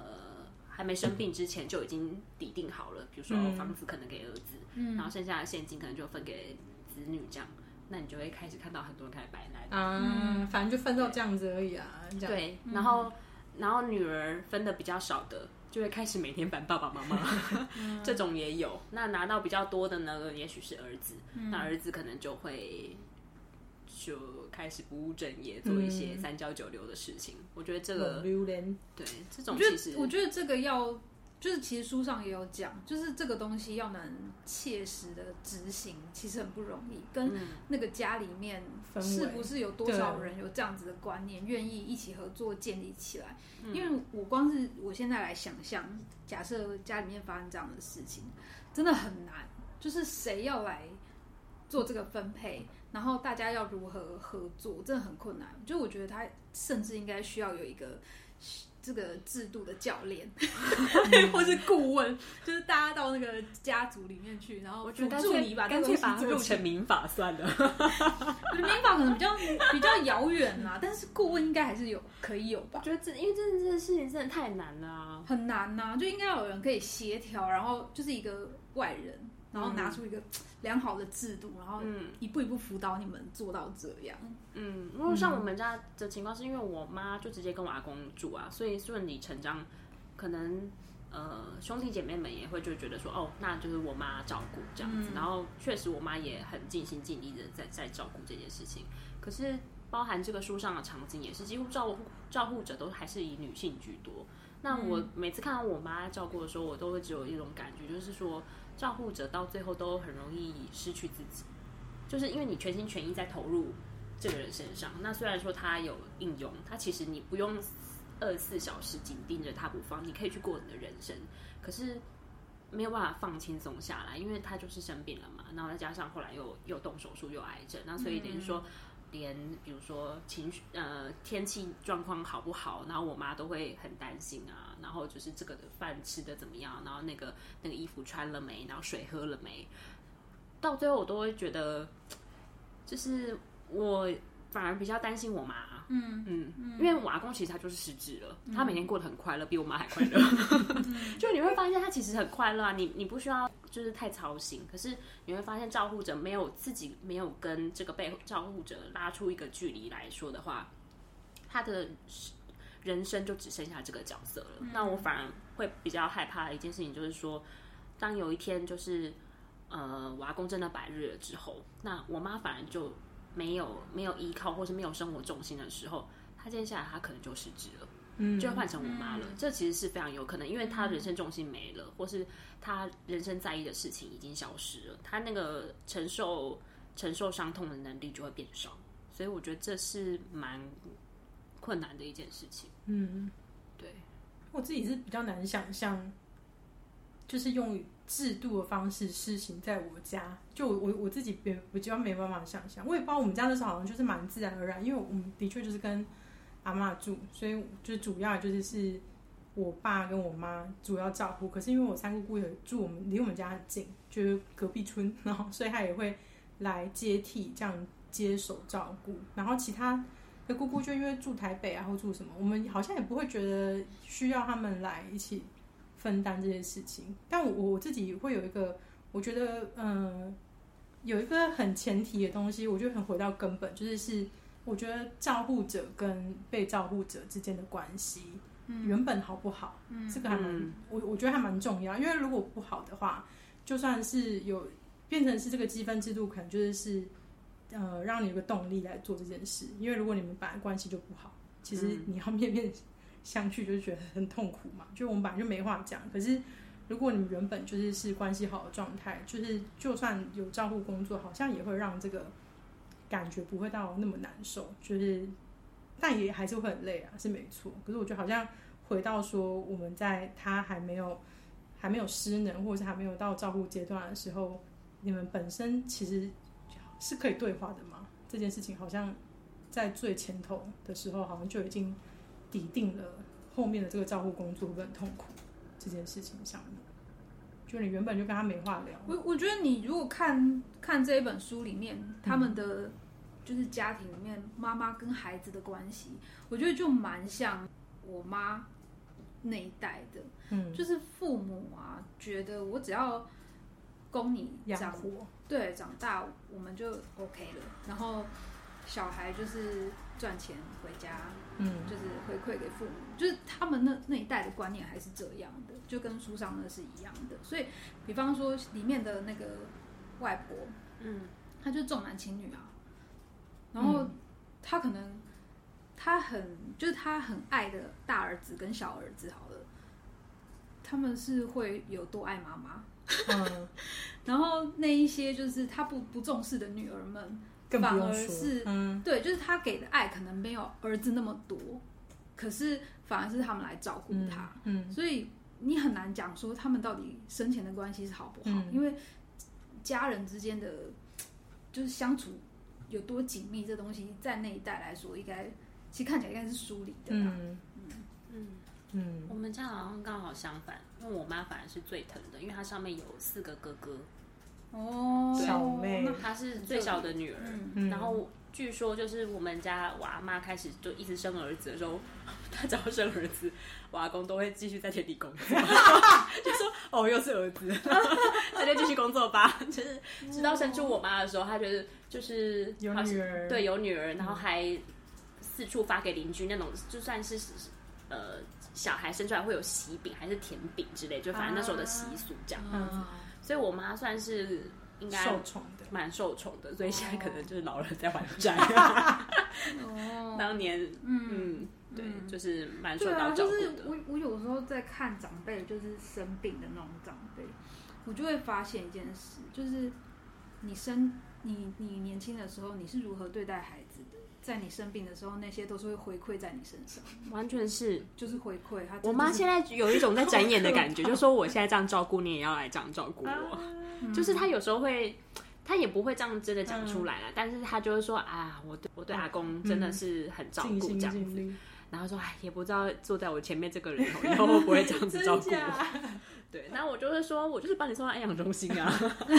還沒生病之前就已經底定好了，嗯，比如說房子可能給兒子，嗯，然後剩下的現金可能就分給子女這樣，嗯、那你就會開始看到很多人開始白奶，啊。嗯，反正就分到這樣子而已啊，對，對嗯、然後然後女兒分的比較少的，就會開始每天煩爸爸媽媽，嗯、 這種也有，那拿到比較多的呢，也許是兒子，嗯，那兒子可能就會。就開始不務正業，做一些三教九流的事情、嗯。我覺得這個，對這種其實我，我覺得這個要，就是其實書上也有講，就是這個東西要能切實的執行，其實很不容易。跟那個家裡面是不是有多少人有這樣子的觀念，願、嗯、意一起合作建立起來？因為我光是我現在來想象，假設家裡面發生這樣的事情，真的很難。就是誰要來做這個分配？嗯然後大家要如何合作，真的很困難。就我覺得他甚至應該需要有一個這個制度的教練， 或是顧問， 就是大家到那個家族裡面去， 然後我就我助理把，乾脆把這個全民法算了。民 法可能比較比較遙遠啦， 但是顧問應該還是有可以有吧？覺得這因為真的這件事情真的太難了、啊，很難吶、啊，就應該要有人可以協調，然後就是一個外人。然後拿出一個良好的制度，嗯、然後一步一步輔導你們做到這樣。嗯，如果像我們家的情況，是因為我媽就直接跟我阿公住啊，所以順理成章，可能呃兄弟姐妹們也會就覺得說，哦，那就是我媽照顧這樣子。嗯、然後確實我媽也很盡心盡力的在在照顧這件事情。可是包含這個書上的場景，也是幾乎照顧照顧者都還是以女性居多。那我每次看到我媽照顧的時候，我都會只有一種感覺，就是說。照顧者到最後都很容易失去自己，就是因為你全心全意在投入這個人身上。那雖然說他有應用，他其實你不用二十四小時緊盯着他不放，你可以去過你的人生。可是沒有辦法放輕鬆下來，因為他就是生病了嘛。然後再加上後來又又動手術又癌症，那所以等於說。嗯連比如說情緒，呃，天氣狀況好不好，然後我媽都會很擔心啊，然後就是這個的飯吃得怎麼樣，然後那個那個衣服穿了沒，然後水喝了沒，到最後我都會覺得，就是我反而比較擔心我媽。嗯嗯嗯，因為阿公其實他就是失智了、嗯，他每天過得很快樂，比我媽還快樂。嗯、 就你會發現他其實很快樂啊，你你不需要就是太操心。可是你會發現照護者沒有自己沒有跟這個被照護者拉出一個距離來說的話，他的人生就只剩下這個角色了、嗯。那我反而會比較害怕的一件事情就是說，當有一天就是呃阿公真的百日了之後，那我媽反而就。沒有沒有依靠或是沒有生活重心的時候，他接下來他可能就失智了，嗯，就會換成我媽了。嗯、這其實是非常有可能，因為他人生重心沒了、嗯，或是他人生在意的事情已經消失了，他那個承受承受傷痛的能力就會變少。所以我覺得這是蠻困難的一件事情。嗯，對，我自己是比較難想象，就是用。制度的方式施行在我家，就我我自己比較沒辦法想象我也不知道我們家那時候好像就是蠻自然而然，因為我們的確就是跟阿嬤住，所以就主要就是是我爸跟我媽主要照顧，可是，因為我三姑姑也住我們離我們家很近，就是隔壁村，然後所以他也會來接替這樣接手照顧，然後其他的姑姑就因為住台北啊或住什麼，我們好像也不會覺得需要他們來一起。分擔這件事情，但我我自己會有一個，我覺得，嗯、呃，有一個很前提的東西，我覺得很回到根本，就是是我覺得照顧者跟被照顧者之間的關係，原本好不好？嗯、這個還蠻，嗯、我我覺得還蠻重要，因為如果不好的話，就算是有變成是這個積分制度，可能就是是，呃，讓你有個動力來做這件事，因為如果你們本來關係就不好，其實你要面面相聚就是覺得很痛苦嘛，就我們本來就沒話講。可是，如果你們原本就是是關係好的狀態，就是就算有照顧工作，好像也會讓這個感覺不會到那麼難受。就是，但也還是會很累啊，是沒錯。可是我覺得好像回到說我們在他還沒有還沒有失能，或者是還沒有到照顧階段的時候，你們本身其實是可以對話的嘛。這件事情好像在最前頭的時候，好像就已經。底定了後面的這個照顧工作會不會很痛苦？這件事情上面，就你原本就跟他沒話聊。我我覺得你如果看看這一本書裡面他們的就是家庭裡面媽媽、嗯、跟孩子的關係，我覺得就蠻像我媽那一代的，嗯，就是父母啊覺得我只要供你養活，對，長大我們就 OK 了，然後小孩就是賺錢回家。嗯，就是回饋給父母，就是他們那那一代的觀念還是這樣的，就跟書上的是一樣的。所以，比方說裡面的那個外婆，嗯，他就重男輕女啊，然後他可能他很就是他很愛的大兒子跟小兒子，好了，他們是會有多愛媽媽，嗯， 然後那一些就是他不不重視的女兒們。反而是，嗯，對，就是他給的愛可能沒有兒子那麼多，可是反而是他們來照顧他，嗯，嗯，所以你很難講說他們到底生前的關係是好不好，嗯，因為家人之間的就是相處有多緊密，這東西在那一代來說應，應該其實看起來應該是疏離的，嗯嗯嗯，嗯，我們家好像剛好相反，因為我媽反而是最疼的，因為她上面有四個哥哥。哦，小妹，她是最小的女兒。嗯、然後據說就是我們家我阿嬤開始就一直生兒子的時候，她只要生兒子，我阿公都會繼續在田地工作， 就說哦，又是兒子，大家繼續工作吧。就是、哦、直到生出我媽的時候，她覺得就是有女兒，對有女兒，然後還四處發給鄰居、嗯、居那種，就算是呃小孩生出來會有喜餅還是甜餅之類，就反正那時候的習俗這樣子。啊啊所以，我媽算是應該受寵的，蠻受寵的。所以現在可能就是老人在還債。哦，當年，oh. 嗯，對，嗯、就是蠻受到照顧的。啊就是、我我有時候在看長輩，就是生病的那種長輩，我就會發現一件事，就是你生你你年輕的時候，你是如何對待孩子。在你生病的時候，那些都是會回饋在你身上，完全是就是回饋。我媽現在有一種在展演的感覺， 哦、就說我現在這樣照顧你，也要來這樣照顧我，啊。就是她有時候會，她、嗯、也不會這樣真的講出來啦，嗯，但是她就是說啊，我對我對阿公真的是很照顧這樣子，嗯嗯，靜靜靜靜靜靜靜然後說哎，也不知道坐在我前面這個人以後會不會這樣子照顧我。對，那我就是說，我就是把你送到安養中心啊， 因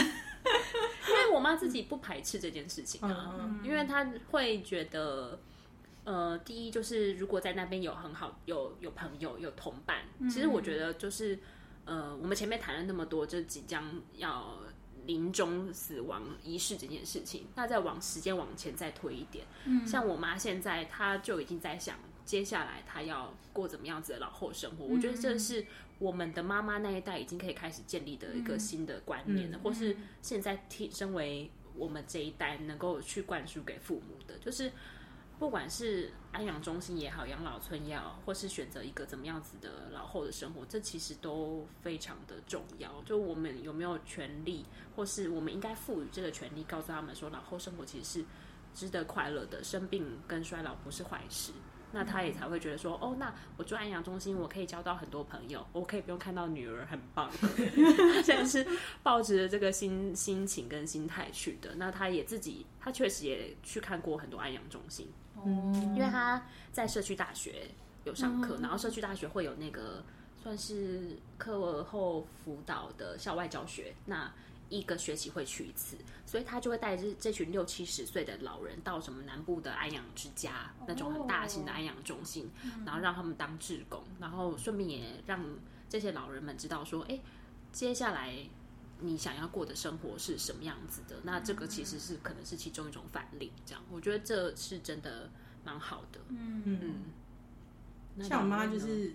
為我媽自己不排斥這件事情啊、嗯，因為她會覺得，呃，第一就是如果在那邊有很好有有朋友有同伴、嗯，其實我覺得就是，呃，我們前面談了那麼多，就即將要臨終死亡儀式這件事情，那再往時間往前再推一點，嗯、像我媽現在，她就已經在想了。接下來他要過怎麼樣子的老後生活？嗯，我覺得這是我們的媽媽那一代已經可以開始建立的一個新的觀念了，嗯，或是現在替身為我們這一代能夠去灌輸給父母的，就是不管是安養中心也好，養老村也好，或是選擇一個怎麼樣子的老後的生活，這其實都非常的重要。就我們有沒有權利，或是我們應該賦予這個權利，告訴他們說，老後生活其實是值得快樂的，生病跟衰老不是壞事。那他也才會覺得說，哦，那我住安養中心，我可以交到很多朋友，我可以不用看到女兒，很棒， 他現在是抱着這個心心情跟心態去的。那他也自己，他確實也去看過很多安養中心、嗯，因為他在社區大學有上課、嗯，然後社區大學會有那個算是課後輔導的校外教學，那，一個學期會去一次，所以他就會帶這這群六七十歲的老人到什麼南部的安養之家、哦、那種很大型的安養中心、嗯，然後讓他們當志工，然後順便也讓這些老人們知道說，哎、欸，接下來你想要過的生活是什麼樣子的。嗯、那這個其實是可能是其中一種範例，這樣我覺得這是真的蠻好的。嗯嗯那、就是，像我媽就是。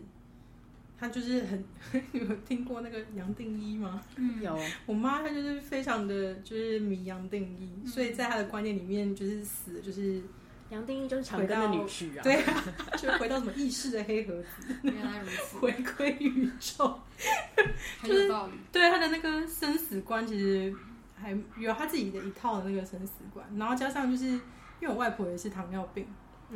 他就是很，你有聽過那個楊定一嗎？嗯、有。我媽她就是非常的就是迷楊定一、嗯，所以在她的觀念裡面，就是死就是楊定一就是長庚的女婿啊，對啊，就回到什麼意識的黑盒子， 回歸宇宙，很有道理、就是、對他的那個生死觀，其實還有他自己的一套的那個生死觀，然後加上就是因為我外婆也是糖尿病。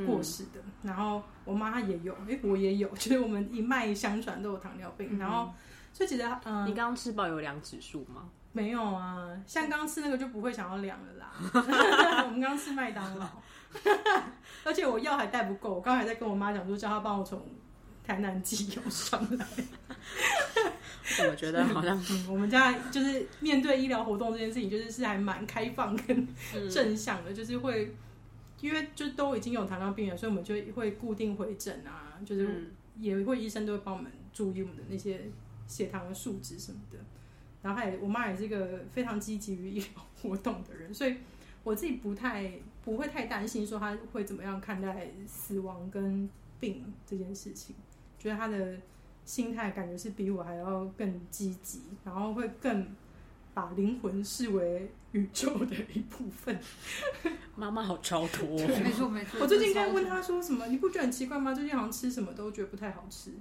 過世的，嗯、然後我媽也有，哎、欸，我也有，覺、就、得、是、我們一脈相傳都有糖尿病，嗯、然後、嗯、所以其實嗯、呃，你剛剛吃飽有量指數嗎？沒有啊，像剛剛吃那個就不會想要量了啦。 啊、我們剛剛吃麥當勞， 而且我藥還帶不夠，我剛還在跟我媽講說叫她幫我從台南寄藥上來。我覺得好像我們家就是面對醫療活動這件事情，就是是還蠻開放跟正向的，嗯、就是會。因為就都已經有糖尿病了，所以我們就會固定回診啊，就是也會醫生都會幫我們注意我們的那些血糖的數值什麼的。然後她也，我媽也是一個非常積極於醫療活動的人，所以我自己不太不會太擔心說她會怎麼樣看待死亡跟病這件事情，覺得她的心態感覺是比我還要更積極，然後會更。把靈魂視為宇宙的一部分，媽媽，媽媽好超脫。沒錯沒錯，我最近剛剛問，問她說什麼，你不覺得很奇怪嗎？最近好像吃什麼都覺得不太好吃，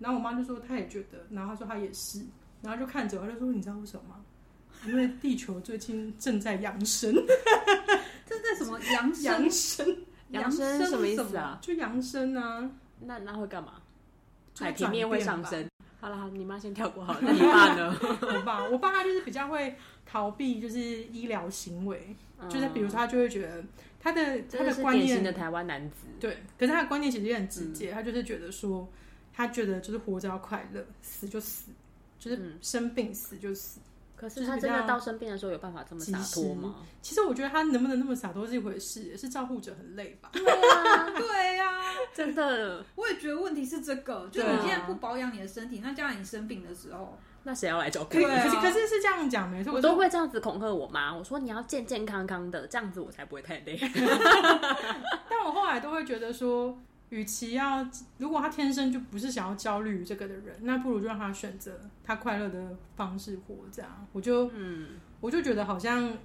然後我媽就說她也覺得，然後她說她也是，然後就看着我，她就說你知道為什麼嗎？因為地球最近正在揚 升，正在什麼揚升？揚升什麼意思啊？就揚升啊？那那會幹嘛在？海平面會上升。好了，好，你媽先跳過好了，那你爸呢？ 我爸，我爸他就是比較會逃避就、嗯，就是醫療行為，就是比如說他就會覺得他的，是他的觀念，典型的台灣男子。對，可是他的觀念其實也很直接，嗯、他就是覺得說，他覺得就是活着要快樂，死就死，就是生病死就死。嗯可是他真的到生病的時候有辦法這麼灑脫嗎？其？其實我覺得他能不能那麼灑脫是一回事，是照顧者很累吧？對啊， 對啊，真的。我也覺得問題是這個，就是、你既然不保養你的身體，啊、那將來你生病的時候，那誰要來照顧、啊？可是是這樣講沒錯，我都會這樣子恐嚇我媽，我說你要健健康康的，這樣子我才不會太累。 但我後來都會覺得說。與其要，如果他天生就不是想要焦慮這個的人，那不如就讓他選擇他快樂的方式活。這樣，我就，我就覺得好像，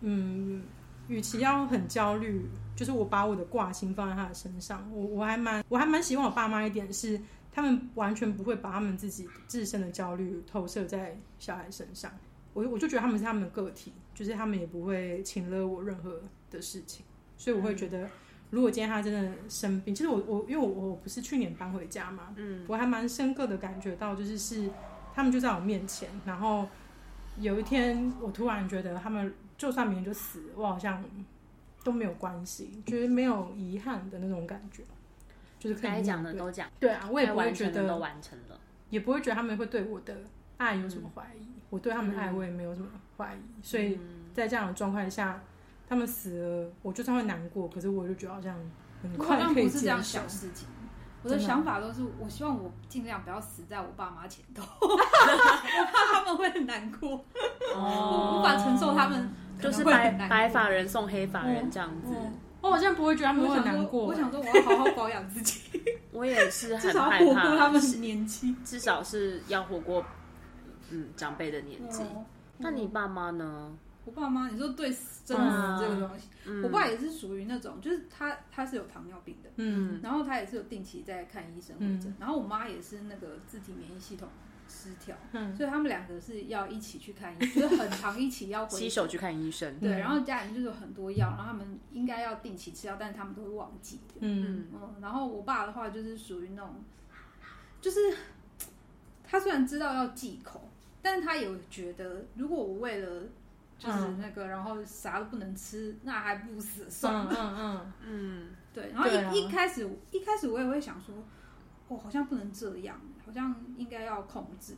嗯，與其要很焦慮，就是我把我的掛心放在他的身上，我我還蠻我還蠻喜歡我爸媽一點是，他們完全不會把他們自己自身的焦慮投射在小孩身上。我我就覺得他們是他們的個體，就是他們也不會情勒我任何的事情，所以我會覺得。嗯如果今天他真的生病，其實我我因為我我不是去年搬回家嘛，嗯，我還蠻深刻的感覺到，就是是他們就在我面前，然後有一天我突然覺得他們就算明天就死，我好像都沒有關係，就是沒有遺憾的那種感覺，就是該講的都講，對啊，我也不會覺得都完成了，也不會覺得他們會對我的愛有什麼懷疑，嗯，我對他們的愛我也沒有什麼懷疑，嗯，所以在這樣的狀況下。他們死了，我就算會難過，可是我就覺得好像很快不是這樣小事情。我的想法都是，我希望我盡量不要死在我爸媽前頭， 我怕他們會很難過，oh, 我無法承受他們就是白白髮人送黑髮人這樣子。Oh. Oh. Oh. Oh. Oh. Oh. Oh, like、我好像不會覺得他們會很難過。我想說，我要好好保養自己。 我也是很害怕至少要活過他們年紀，至少是要活過、嗯、長輩的年紀。Oh. Oh. 那你爸媽呢？我爸媽，你說對生死。這個東西、啊嗯，我爸也是屬於那種，就是他他是有糖尿病的，嗯，然後他也是有定期在看醫生，或者、嗯，然後我媽也是那個自體免疫系統失調，嗯，所以他們兩個是要一起去看醫，嗯、就是、很常一起要回。回 洗手去看醫生。對，嗯、然後家裡面就是有很多藥、嗯，然後他們應該要定期吃藥，但是他們都會忘記。嗯嗯，嗯，然後我爸的話就是屬於那種，就是他雖然知道要忌口，但他也覺得如果我為了。就是那個、嗯，然後啥都不能吃，那還不死了算了。嗯嗯嗯嗯，對。然後一、啊、一開始一開始我也會想說，我、哦、好像不能這樣，好像應該要控制。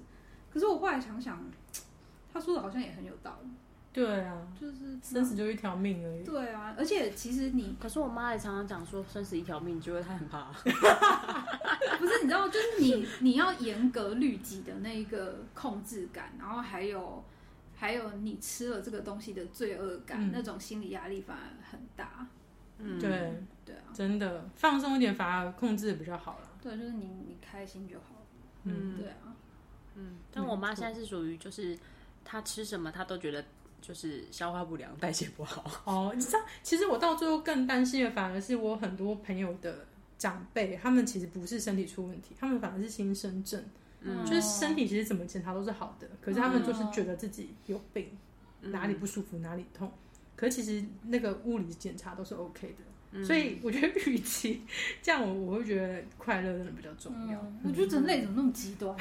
可是我後來想想，他說的好像也很有道理。對啊，就是生死就一條命而已。對啊，而且其實你，可是我媽也常常講說，生死一條命就會太，覺得她很怕。不是，你知道，就是你你要嚴格律己的那一個控制感，然後還有。還有你吃了這個東西的罪惡感、嗯，那種心理壓力反而很大、嗯。對，對啊，真的放鬆一點反而控制得比較好了、嗯。對，就是你你開心就好，嗯，對啊，嗯。但我媽現在是屬於就是她吃什麼她都覺得就是消化不良、代謝不好。哦，你知道，其實我到最後更擔心的反而是我很多朋友的長輩，他們其實不是身體出問題，他們反而是心身症。就是身體其實怎麼檢查都是好的、嗯，可是他們就是覺得自己有病，嗯、哪裡不舒服哪裡痛，嗯、可是其實那個物理檢查都是 OK 的、嗯，所以我覺得與其這樣我，我我會覺得快樂真的比較重要。嗯嗯、我覺得人類怎麼那麼極端、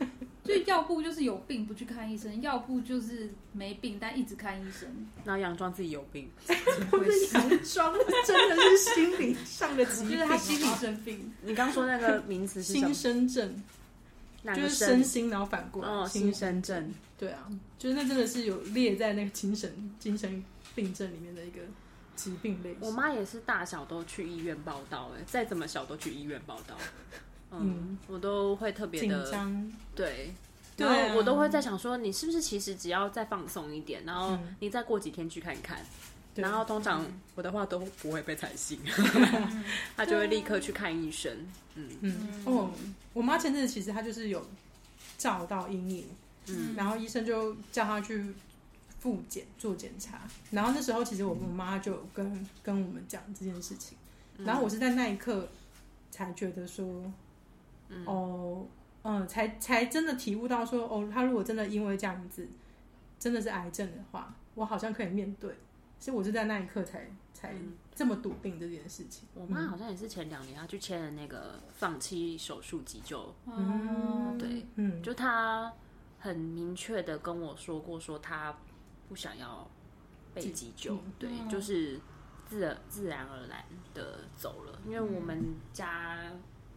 嗯？所以要不就是有病不去看醫生，要 不就是沒病但一直看醫生，然後佯裝自己有病。佯裝 真的是心理上的疾病，就是他心理生病。 你剛說那個名詞是新生症。就是身心然後反過來，哦、心身症，對啊，就是那真的是有列在那個精神精神病症裡面的一個疾病類型。我媽也是大小都去醫院報到，哎，再怎麼小都去醫院報到、嗯。嗯，我都會特別的緊張，對，對，然後我都會在想說，你是不是其實只要再放鬆一點，然後你再過幾天去看看。嗯嗯然後通常我的話都不會被採信， 他就會立刻去看醫生。嗯嗯，嗯哦，我媽前陣子其實她就是有照到陰影，嗯，然後醫生就叫她去複檢做檢查。然後那時候其實我我媽就跟、嗯、跟我們講這件事情、嗯，然後我是在那一刻才覺得說，嗯、哦，嗯，才才真的體悟到說，哦，她如果真的因為這樣子真的是癌症的話，我好像可以面對。其實我是在那一刻才才這麼篤定這件事情。嗯嗯、我媽好像也是前兩年，她就簽了那個放棄手術急、嗯、急救。嗯，對，嗯，就她很明確的跟我說過，說她不想要被急救，對，就是自自然而然的走了。嗯、因為我們家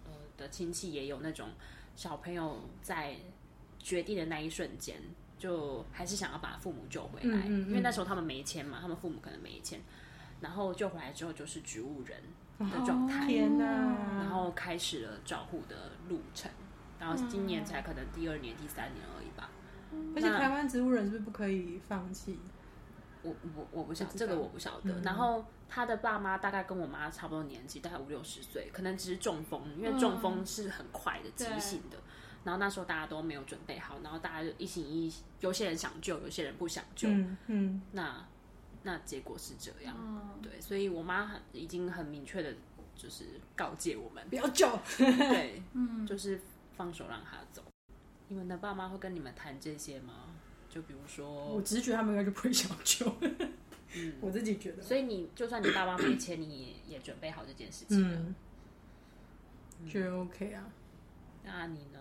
呃的親戚也有那種小朋友在決定的那一瞬間。就還是想要把父母救回來，嗯嗯嗯。因為那時候他們沒錢嘛，他們父母可能沒錢，然後救回來之後就是植物人的、的狀態，天哪，然後開始了照顧的路程，然後今年才可能第二年、嗯、第三年而已吧。嗯、而且台灣植物人是不是不可以放棄？我我我不曉得，這個我不曉得、嗯。然後他的爸媽大概跟我媽差不多年紀，大概五六十歲，可能只是中風，因為中風是很快的急性、嗯、的。然後那時候大家都沒有準備好，然後大家就一心一意，有些人想救，有些人不想救。嗯，嗯那那結果是這樣，嗯、對。所以我媽很已經很明確的，就是告誡我們不要救。對，嗯，就是放手讓他走、嗯。你們的爸媽會跟你們談這些嗎？就比如說，我直覺他們應該就不會想救。 嗯，我自己覺得。所以你就算你爸媽沒錢，你也，也準備好這件事情了。嗯嗯、覺得 OK 啊？那你呢？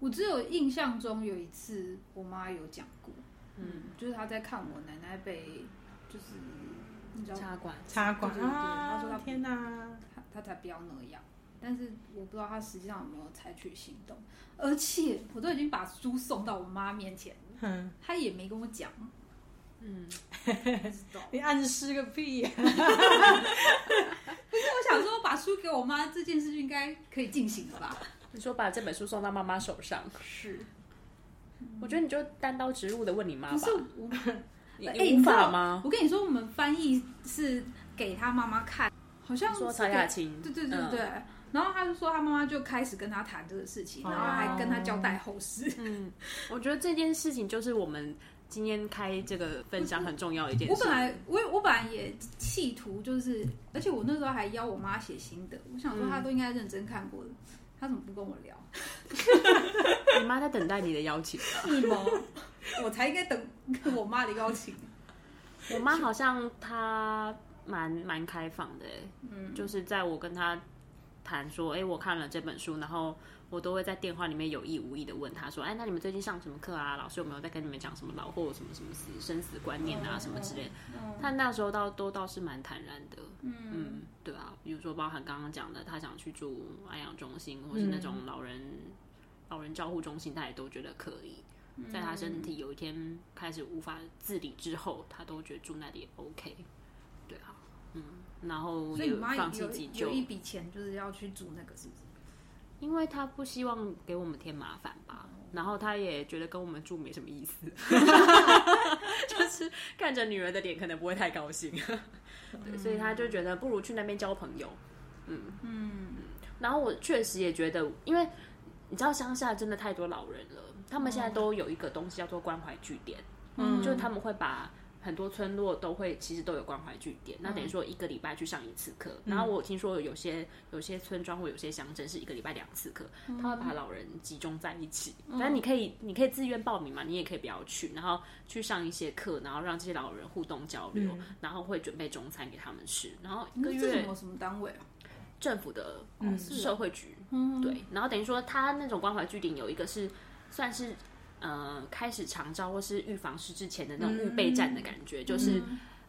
我只有印象中有一次，我媽有講過，嗯，就是她在看我奶奶被，就是插管，插、嗯、管，對、啊，說她說天哪她，她才不要那樣，但是我不知道她實際上有沒有採取行動，而且，而且我都已經把書送到我媽面前，嗯、她也沒跟我講，嗯，呵呵你暗示個屁、啊，不 是，我想說把書給我媽這件事情應該可以進行了吧。你說把這本書送到媽媽手上是、嗯，我覺得你就單刀直入的問你媽吧是 你，你無法嗎？欸、我跟你說，我們翻譯是給他媽媽看，好像說蔡雅琴，對對對對。嗯、然後他就說他媽媽就開始跟他談這個事情、嗯，然後還跟他交代後事、啊。嗯，我覺得這件事情就是我們今天開這個分享很重要的一件事。事，我本來我我本來也企圖就是，而且我那時候還邀我媽寫心得，我想說她都應該認真看過的。他怎麼不跟我聊？你 媽、欸、在等待你的邀請吧，是嗎？我才應該等我媽的邀請。 我媽好像她蠻蠻開放的、欸嗯，就是在我跟她談說，哎、欸，我看了這本書，然後，我都會在電話裡面有意無意的問他說：“哎，那你們最近上什麼課啊？老師有沒有在跟你們講什麼老後，什麼什麼死生死觀念啊什麼之類的？” oh, oh, oh, oh. 他那時候倒都倒是蠻坦然的，嗯，嗯對吧？比如說，包含剛剛講的，他想去住安養中心，或是那種老人、嗯、老人照護中心，他也都覺得可以。在他身體有一天開始無法自理之後，他都覺得住那裡也 OK。對啊，嗯，然後也放棄急救，所以你媽媽有，有，有一筆錢，就是要去住那個，是不是？因為他不希望給我們添麻煩吧，然後他也覺得跟我們住沒什麼意思， 就是看着女兒的臉可能不會太高興，對，所以他就覺得不如去那邊交朋友，嗯，嗯，然後我確實也覺得，因為你知道鄉下真的太多老人了，他們現在都有一個東西叫做關懷據點，嗯，就他們會把。很多村落都會，其實都有關懷據點。嗯、那等於說一個禮拜去上一次課，嗯。然後我聽說有些有些村莊或有些鄉鎮是一個禮拜兩次課，他、嗯、會把老人集中在一起。反、嗯、正你可以你可以自願報名嘛，你也可以不要去，然後去上一些課，然後讓這些老人互動交流、嗯，然後會準備中餐給他們吃。然後一個月什,什麼單位？政府的社會局、嗯啊嗯、對。然後等於說他那種關懷據點有一個是算是。呃，開始長照或是預防是之前的那種預備戰的感覺，嗯、就是，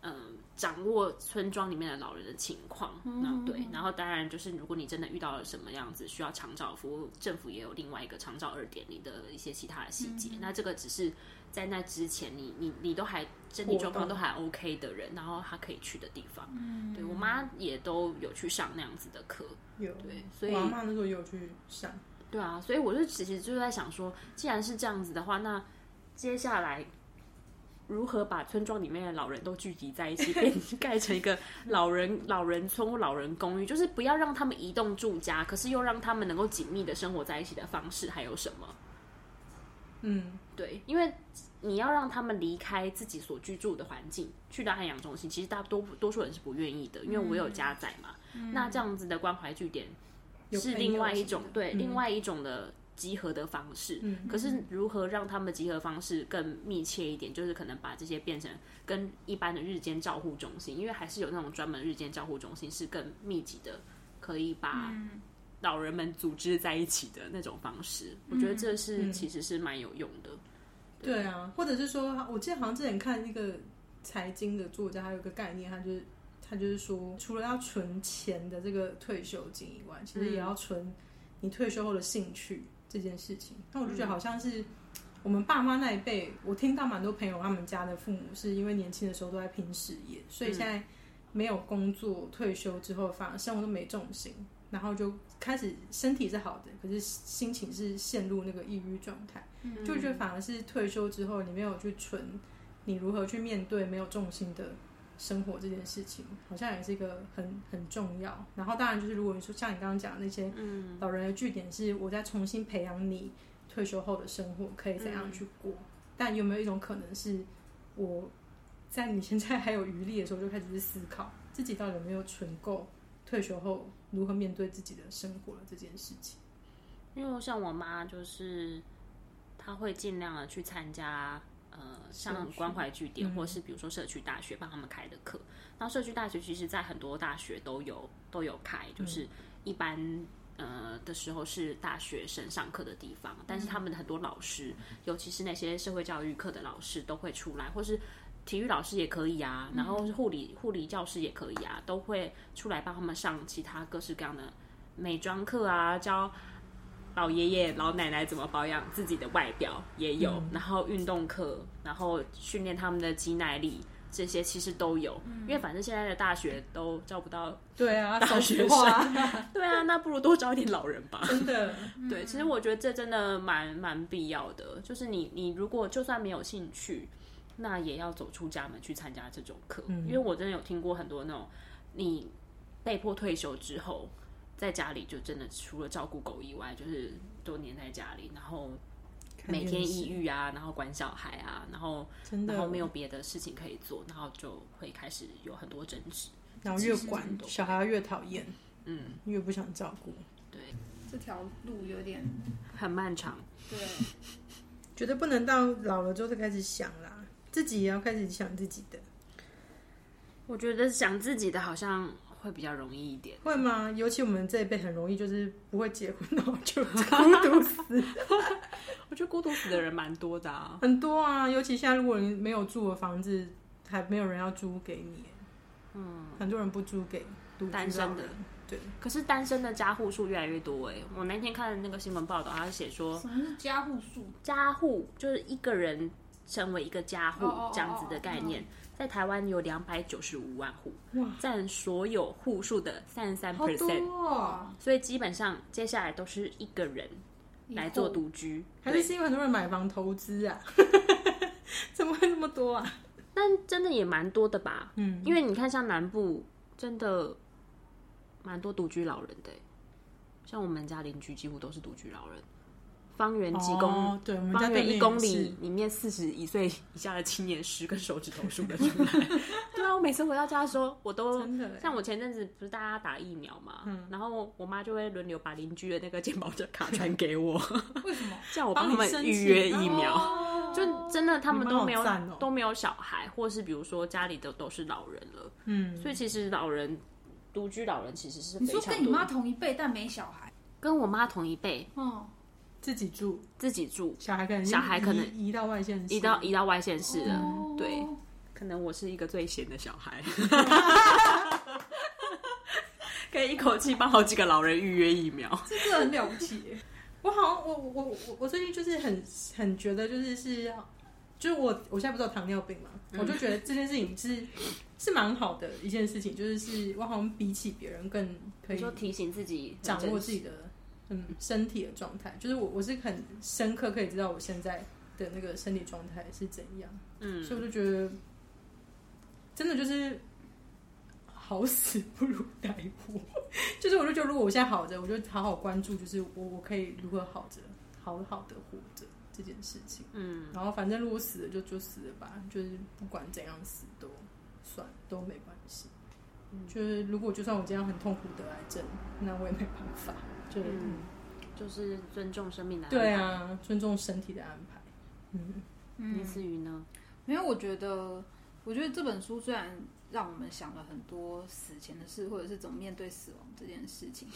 嗯，呃、掌握村莊裡面的老人的情況，嗯，對，然後當然就是，如果你真的遇到了什麼樣子，需要長照服務，政府也有另外一個長照二點零的一些其他的細節、嗯。那這個只是在那之前你，你你你都還身體狀況都還 OK 的人，然後他可以去的地方。嗯、對我媽也都有去上那樣子的課，有對，所以我媽那時候也有去上。對啊，所以我就其實就是在想說，既然是這樣子的話，那接下來如何把村莊裡面的老人都聚集在一起，變 成蓋成一個老人老人村或老人公寓，就是不要讓他們移動住家，可是又讓他們能夠緊密的生活在一起的方式，還有什麼？嗯，對，因為你要讓他們離開自己所居住的環境，去到安養中心，其實大多多數人是不願意的，因為我有家在嘛。嗯、那這樣子的關懷據點。是另外一種對，另外一種的集合的方式、嗯。可是如何讓他們集合方式更密切一點？嗯嗯、就是可能把這些變成跟一般的日間照護中心，因為還是有那種專門日間照護中心是更密集的，可以把老人們組織在一起的那種方式。嗯、我覺得這是其實是蠻有用的、嗯對。對啊，或者是說我記得好像之前看一個財經的作家，他有個概念，他就是。他就是說，除了要存錢的這個退休金以外，其實也要存你退休後的興趣這件事情。那我就覺得好像是我們爸媽那一輩，我聽到蠻多朋友他們家的父母是因為年輕的時候都在拼事業，所以現在沒有工作，退休之後反而生活都沒重心，然後就開始身體是好的，可是心情是陷入那個抑鬱狀態，嗯，就覺得反而是退休之後你沒有去存，你如何去面對沒有重心的。生活這件事情好像也是一個很很重要。然後當然就是，如果你說像你剛剛講的那些，嗯，老人的據點是我在重新培養你退休後的生活可以怎樣去過。嗯、但有沒有一種可能是，我在你現在還有餘力的時候就開始去思考自己到底有沒有存夠退休後如何面對自己的生活了這件事情？因為像我媽，就是她會儘量的去參加。呃，像關懷據點，或是比如說社區大學幫他們開的課。嗯嗯嗯。那社區大學其實，在很多大學都有都有開，就是一般呃的時候是大學生上課的地方，但是他們的很多老師嗯嗯，尤其是那些社會教育課的老師，都會出來，或是體育老師也可以啊，然後是護理護理教師也可以啊，都會出來幫他們上其他各式各樣的美妝課啊，教。老爺爺、嗯、老奶奶，怎麼保養自己的外表也有、嗯，然後運動課，然後訓練他們的肌耐力，這些其實都有、嗯。因為反正現在的大學都招不到對、嗯、啊大學生，對、啊大學生，對啊，那不如多招一點老人吧。真的，嗯、 對，其實我覺得這真的蠻蠻必要的。就是你你如果就算沒有興趣，那也要走出家門去參加這種課，嗯、因為我真的有聽過很多那種你被迫退休之後。在家裡就真的除了照顧狗以外，就是都黏在家裡，然後每天抑鬱啊，然後管小孩啊，然後真的然後沒有別的事情可以做，然後就會開始有很多爭執，然後越管小孩越討厭，嗯，越不想照顧，對，這條路有點很漫長，對， 覺得不能到老了之後再開始想啦，自己也要開始想自己的，我覺得想自己的好像。會比較容易一點，會嗎？尤其我們這一輩很容易就是不會結婚，然後就孤獨死。 我覺得孤獨死的人蠻多的啊， 很多啊。尤其現在如果你沒有住的房子，還沒有人要租給你，嗯，很多人不租給住單身的。對，可是單身的家戶數越來越多哎。我那天看了那個新聞報道，它寫說什麼是家戶數？家戶就是一個人。成為一個家戶這樣子的概念，在台灣有兩百九十五萬戶，占所有戶數的三十三%，所以基本上接下來都是一個人來做獨居，還是是因為很多人買房投資啊？怎麼會那麼多啊？但真的也蠻多的吧？嗯，因為你看像南部真的蠻多獨居老人的、欸，像我們家鄰居幾乎都是獨居老人。方圓幾公，oh, 對，方圓一公里裡面四十一歲以下的青年，十個手指頭數得出來。 對啊，我每次回到家的時候，我都真的，像我前陣子不是大家打疫苗嘛，嗯、然後我媽就會輪流把鄰居的那個健保證卡傳給我。 為什麼？ 叫我幫他們預約疫苗？ 就真的他們都沒有,有、喔、都沒有小孩，或是比如說家裡的都是老人了。嗯，所以其實老人獨居老人其實是沒有。你說跟你媽同一輩，但沒小孩，跟我媽同一輩，嗯。自己住，自己住，小孩可能小孩可能移到外縣移到移到外縣市了。了 oh. 對，可能我是一個最閒的小孩，可 以 一口氣幫好幾個老人預約疫苗，這是很了不起。我好像我我我我最近就是很很覺得就是是要，就是我我現在不知道糖尿病嘛、嗯，我就覺得這件事情是是蠻好的一件事情，就是是我好像比起別人更可以說提醒自己掌握自己的、嗯。嗯，身體的狀態就是我，我是很深刻可以知道我現在的那個身體狀態是怎樣。嗯，所以我就覺得，真的就是好死不如歹活。 就是我就覺得，如果我現在好着，我就好好關注，就是我我可以如何好着，好好的活着這件事情。嗯，然後反正如果死了就就死了吧，就是不管怎樣死都算都沒關係。嗯。就是如果就算我這樣很痛苦得癌症，那我也沒辦法。嗯、就是尊重生命的安排。對啊，尊重身體的安排。嗯，以、嗯、至於呢，沒有我覺得，我覺得這本書雖然讓我們想了很多死前的事，嗯，或者是怎麼面對死亡這件事情，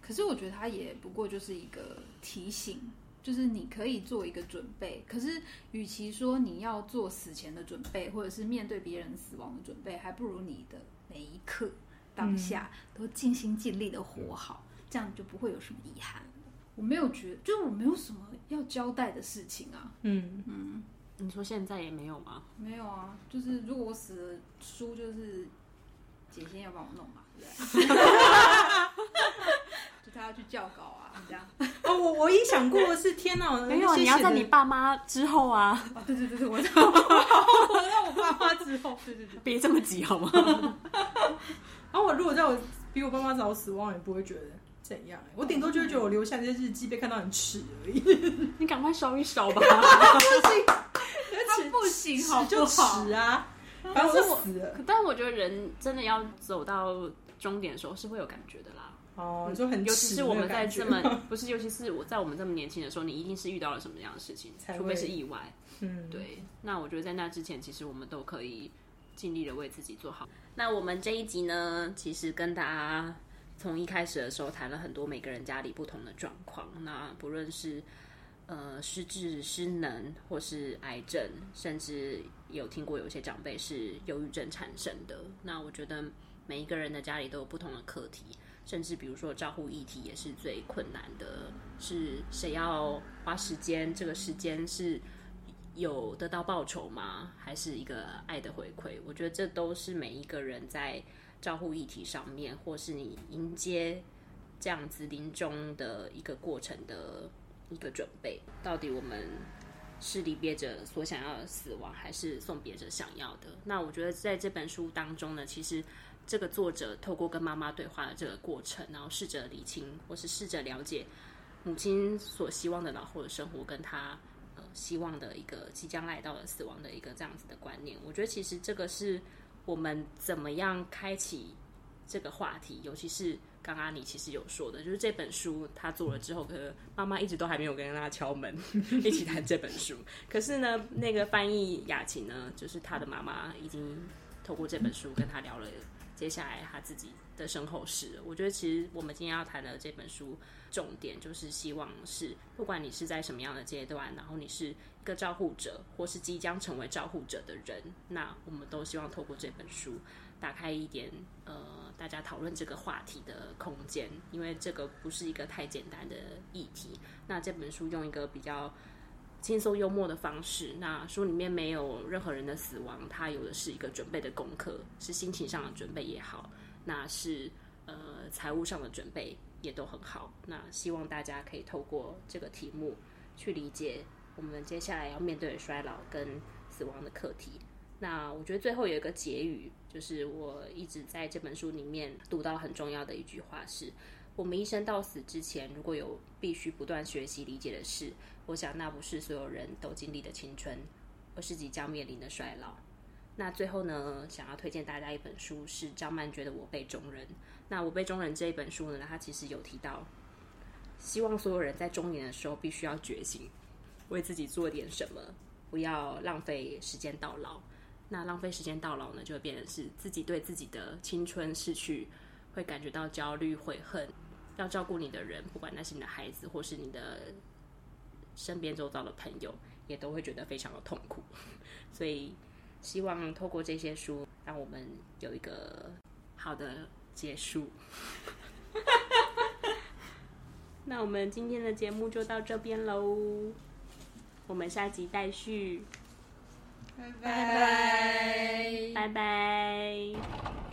可是我覺得它也不過就是一個提醒，就是你可以做一個準備。可是，與其說你要做死前的準備，或者是面對別人死亡的準備，還不如你的每一刻當下，嗯、都盡心盡力的活好。嗯這樣就不會有什麼遺憾了。我沒有覺得，就是我沒有什麼要交代的事情啊。嗯嗯，你說現在也沒有嗎？沒有啊，就是如果我死了，書就是姐先要幫我弄嘛。對 就他要去教稿啊。 你這樣。哦，我我唯一想過的是 天哪，沒有，你要在你爸媽之後啊。對、哦、對對對，我在我， 我在我爸媽之後。對對，對別這麼急好嗎？然、 哦、我如果在我比我爸媽早死亡，我也不會覺得。我頂多就是覺得我留下那些日記被看到很恥而已。你趕快燒一燒吧， 他不行，他，他不行，好，好就好啊。但是我，但我覺得人真的要走到終點的時候是會有感覺的啦。哦，就很，尤其是我們在這麼不是，尤其是我在我們這麼年輕的時候，你一定是遇到了什麼樣的事情，除非是意外。嗯，對。那我覺得在那之前，其實我們都可以盡力的為自己做好。那我們這一集呢，其實跟大家。從一開始的時候談了很多，每個人家裡不同的狀況，那不論是呃失智、失能，或是癌症，甚至有聽過有些長輩是憂鬱症產生的。那我覺得每一個人的家裡都有不同的課題，甚至比如說照護議題也是最困難的，是誰要花時間？這個時間是有得到報酬嗎？還是一個愛的回饋？我覺得這都是每一個人在。照護議題上面，或是你迎接這樣子臨終的一個過程的一個準備，到底我們是離別者所想要的死亡，還是送別者想要的？那我覺得在這本書當中呢，其實這個作者透過跟媽媽對話的這個過程，然後試着理清或是試着了解母親所希望的老後的生活，跟她呃希望的一個即將來到的死亡的一個這樣子的觀念。我覺得其實這個是。我們怎麼樣開啟這個話題？尤其是剛剛你其實有說的，就是這本書他做了之後，可能媽媽一直都還沒有跟他敲門，一起談這本書。 可是呢，那個翻譯雅琴呢，就是他的媽媽已經透過這本書跟他聊了。接下來他自己的身後事，我覺得其實我們今天要談的這本書重點就是希望是，不管你是在什麼樣的階段，然後你是一個照護者或是即將成為照護者的人，那我們都希望透過這本書打開一點呃大家討論這個話題的空間，因為這個不是一個太簡單的議題。那這本書用一個比較輕鬆幽默的方式。那書裡面沒有任何人的死亡，它有的是一個準備的功課，是心情上的準備也好，那是呃財務上的準備也都很好。那希望大家可以透過這個題目去理解我們接下來要面對的衰老跟死亡的課題。那我覺得最後有一個結語，就是我一直在這本書裡面讀到很重要的一句話是。我們一生到死之前，如果有必須不斷學習理解的事，我想那不是所有人都經歷的青春，而是即將面臨的衰老。那最後呢，想要推薦大家一本書是張曼娟的《我輩中人》。那《我輩中人》這一本書呢，他其實有提到，希望所有人在中年的時候必須要覺醒，為自己做點什麼，不要浪費時間到老。那浪費時間到老呢，就會變成是自己對自己的青春逝去會感覺到焦慮、悔恨。要照顧你的人，不管那是你的孩子，或是你的身邊周遭的朋友，也都會覺得非常的痛苦。所以，希望透過這些書，讓我們有一個好的結束。 那我們今天的節目就到這邊嘍，我們下集再續。拜拜拜拜。拜拜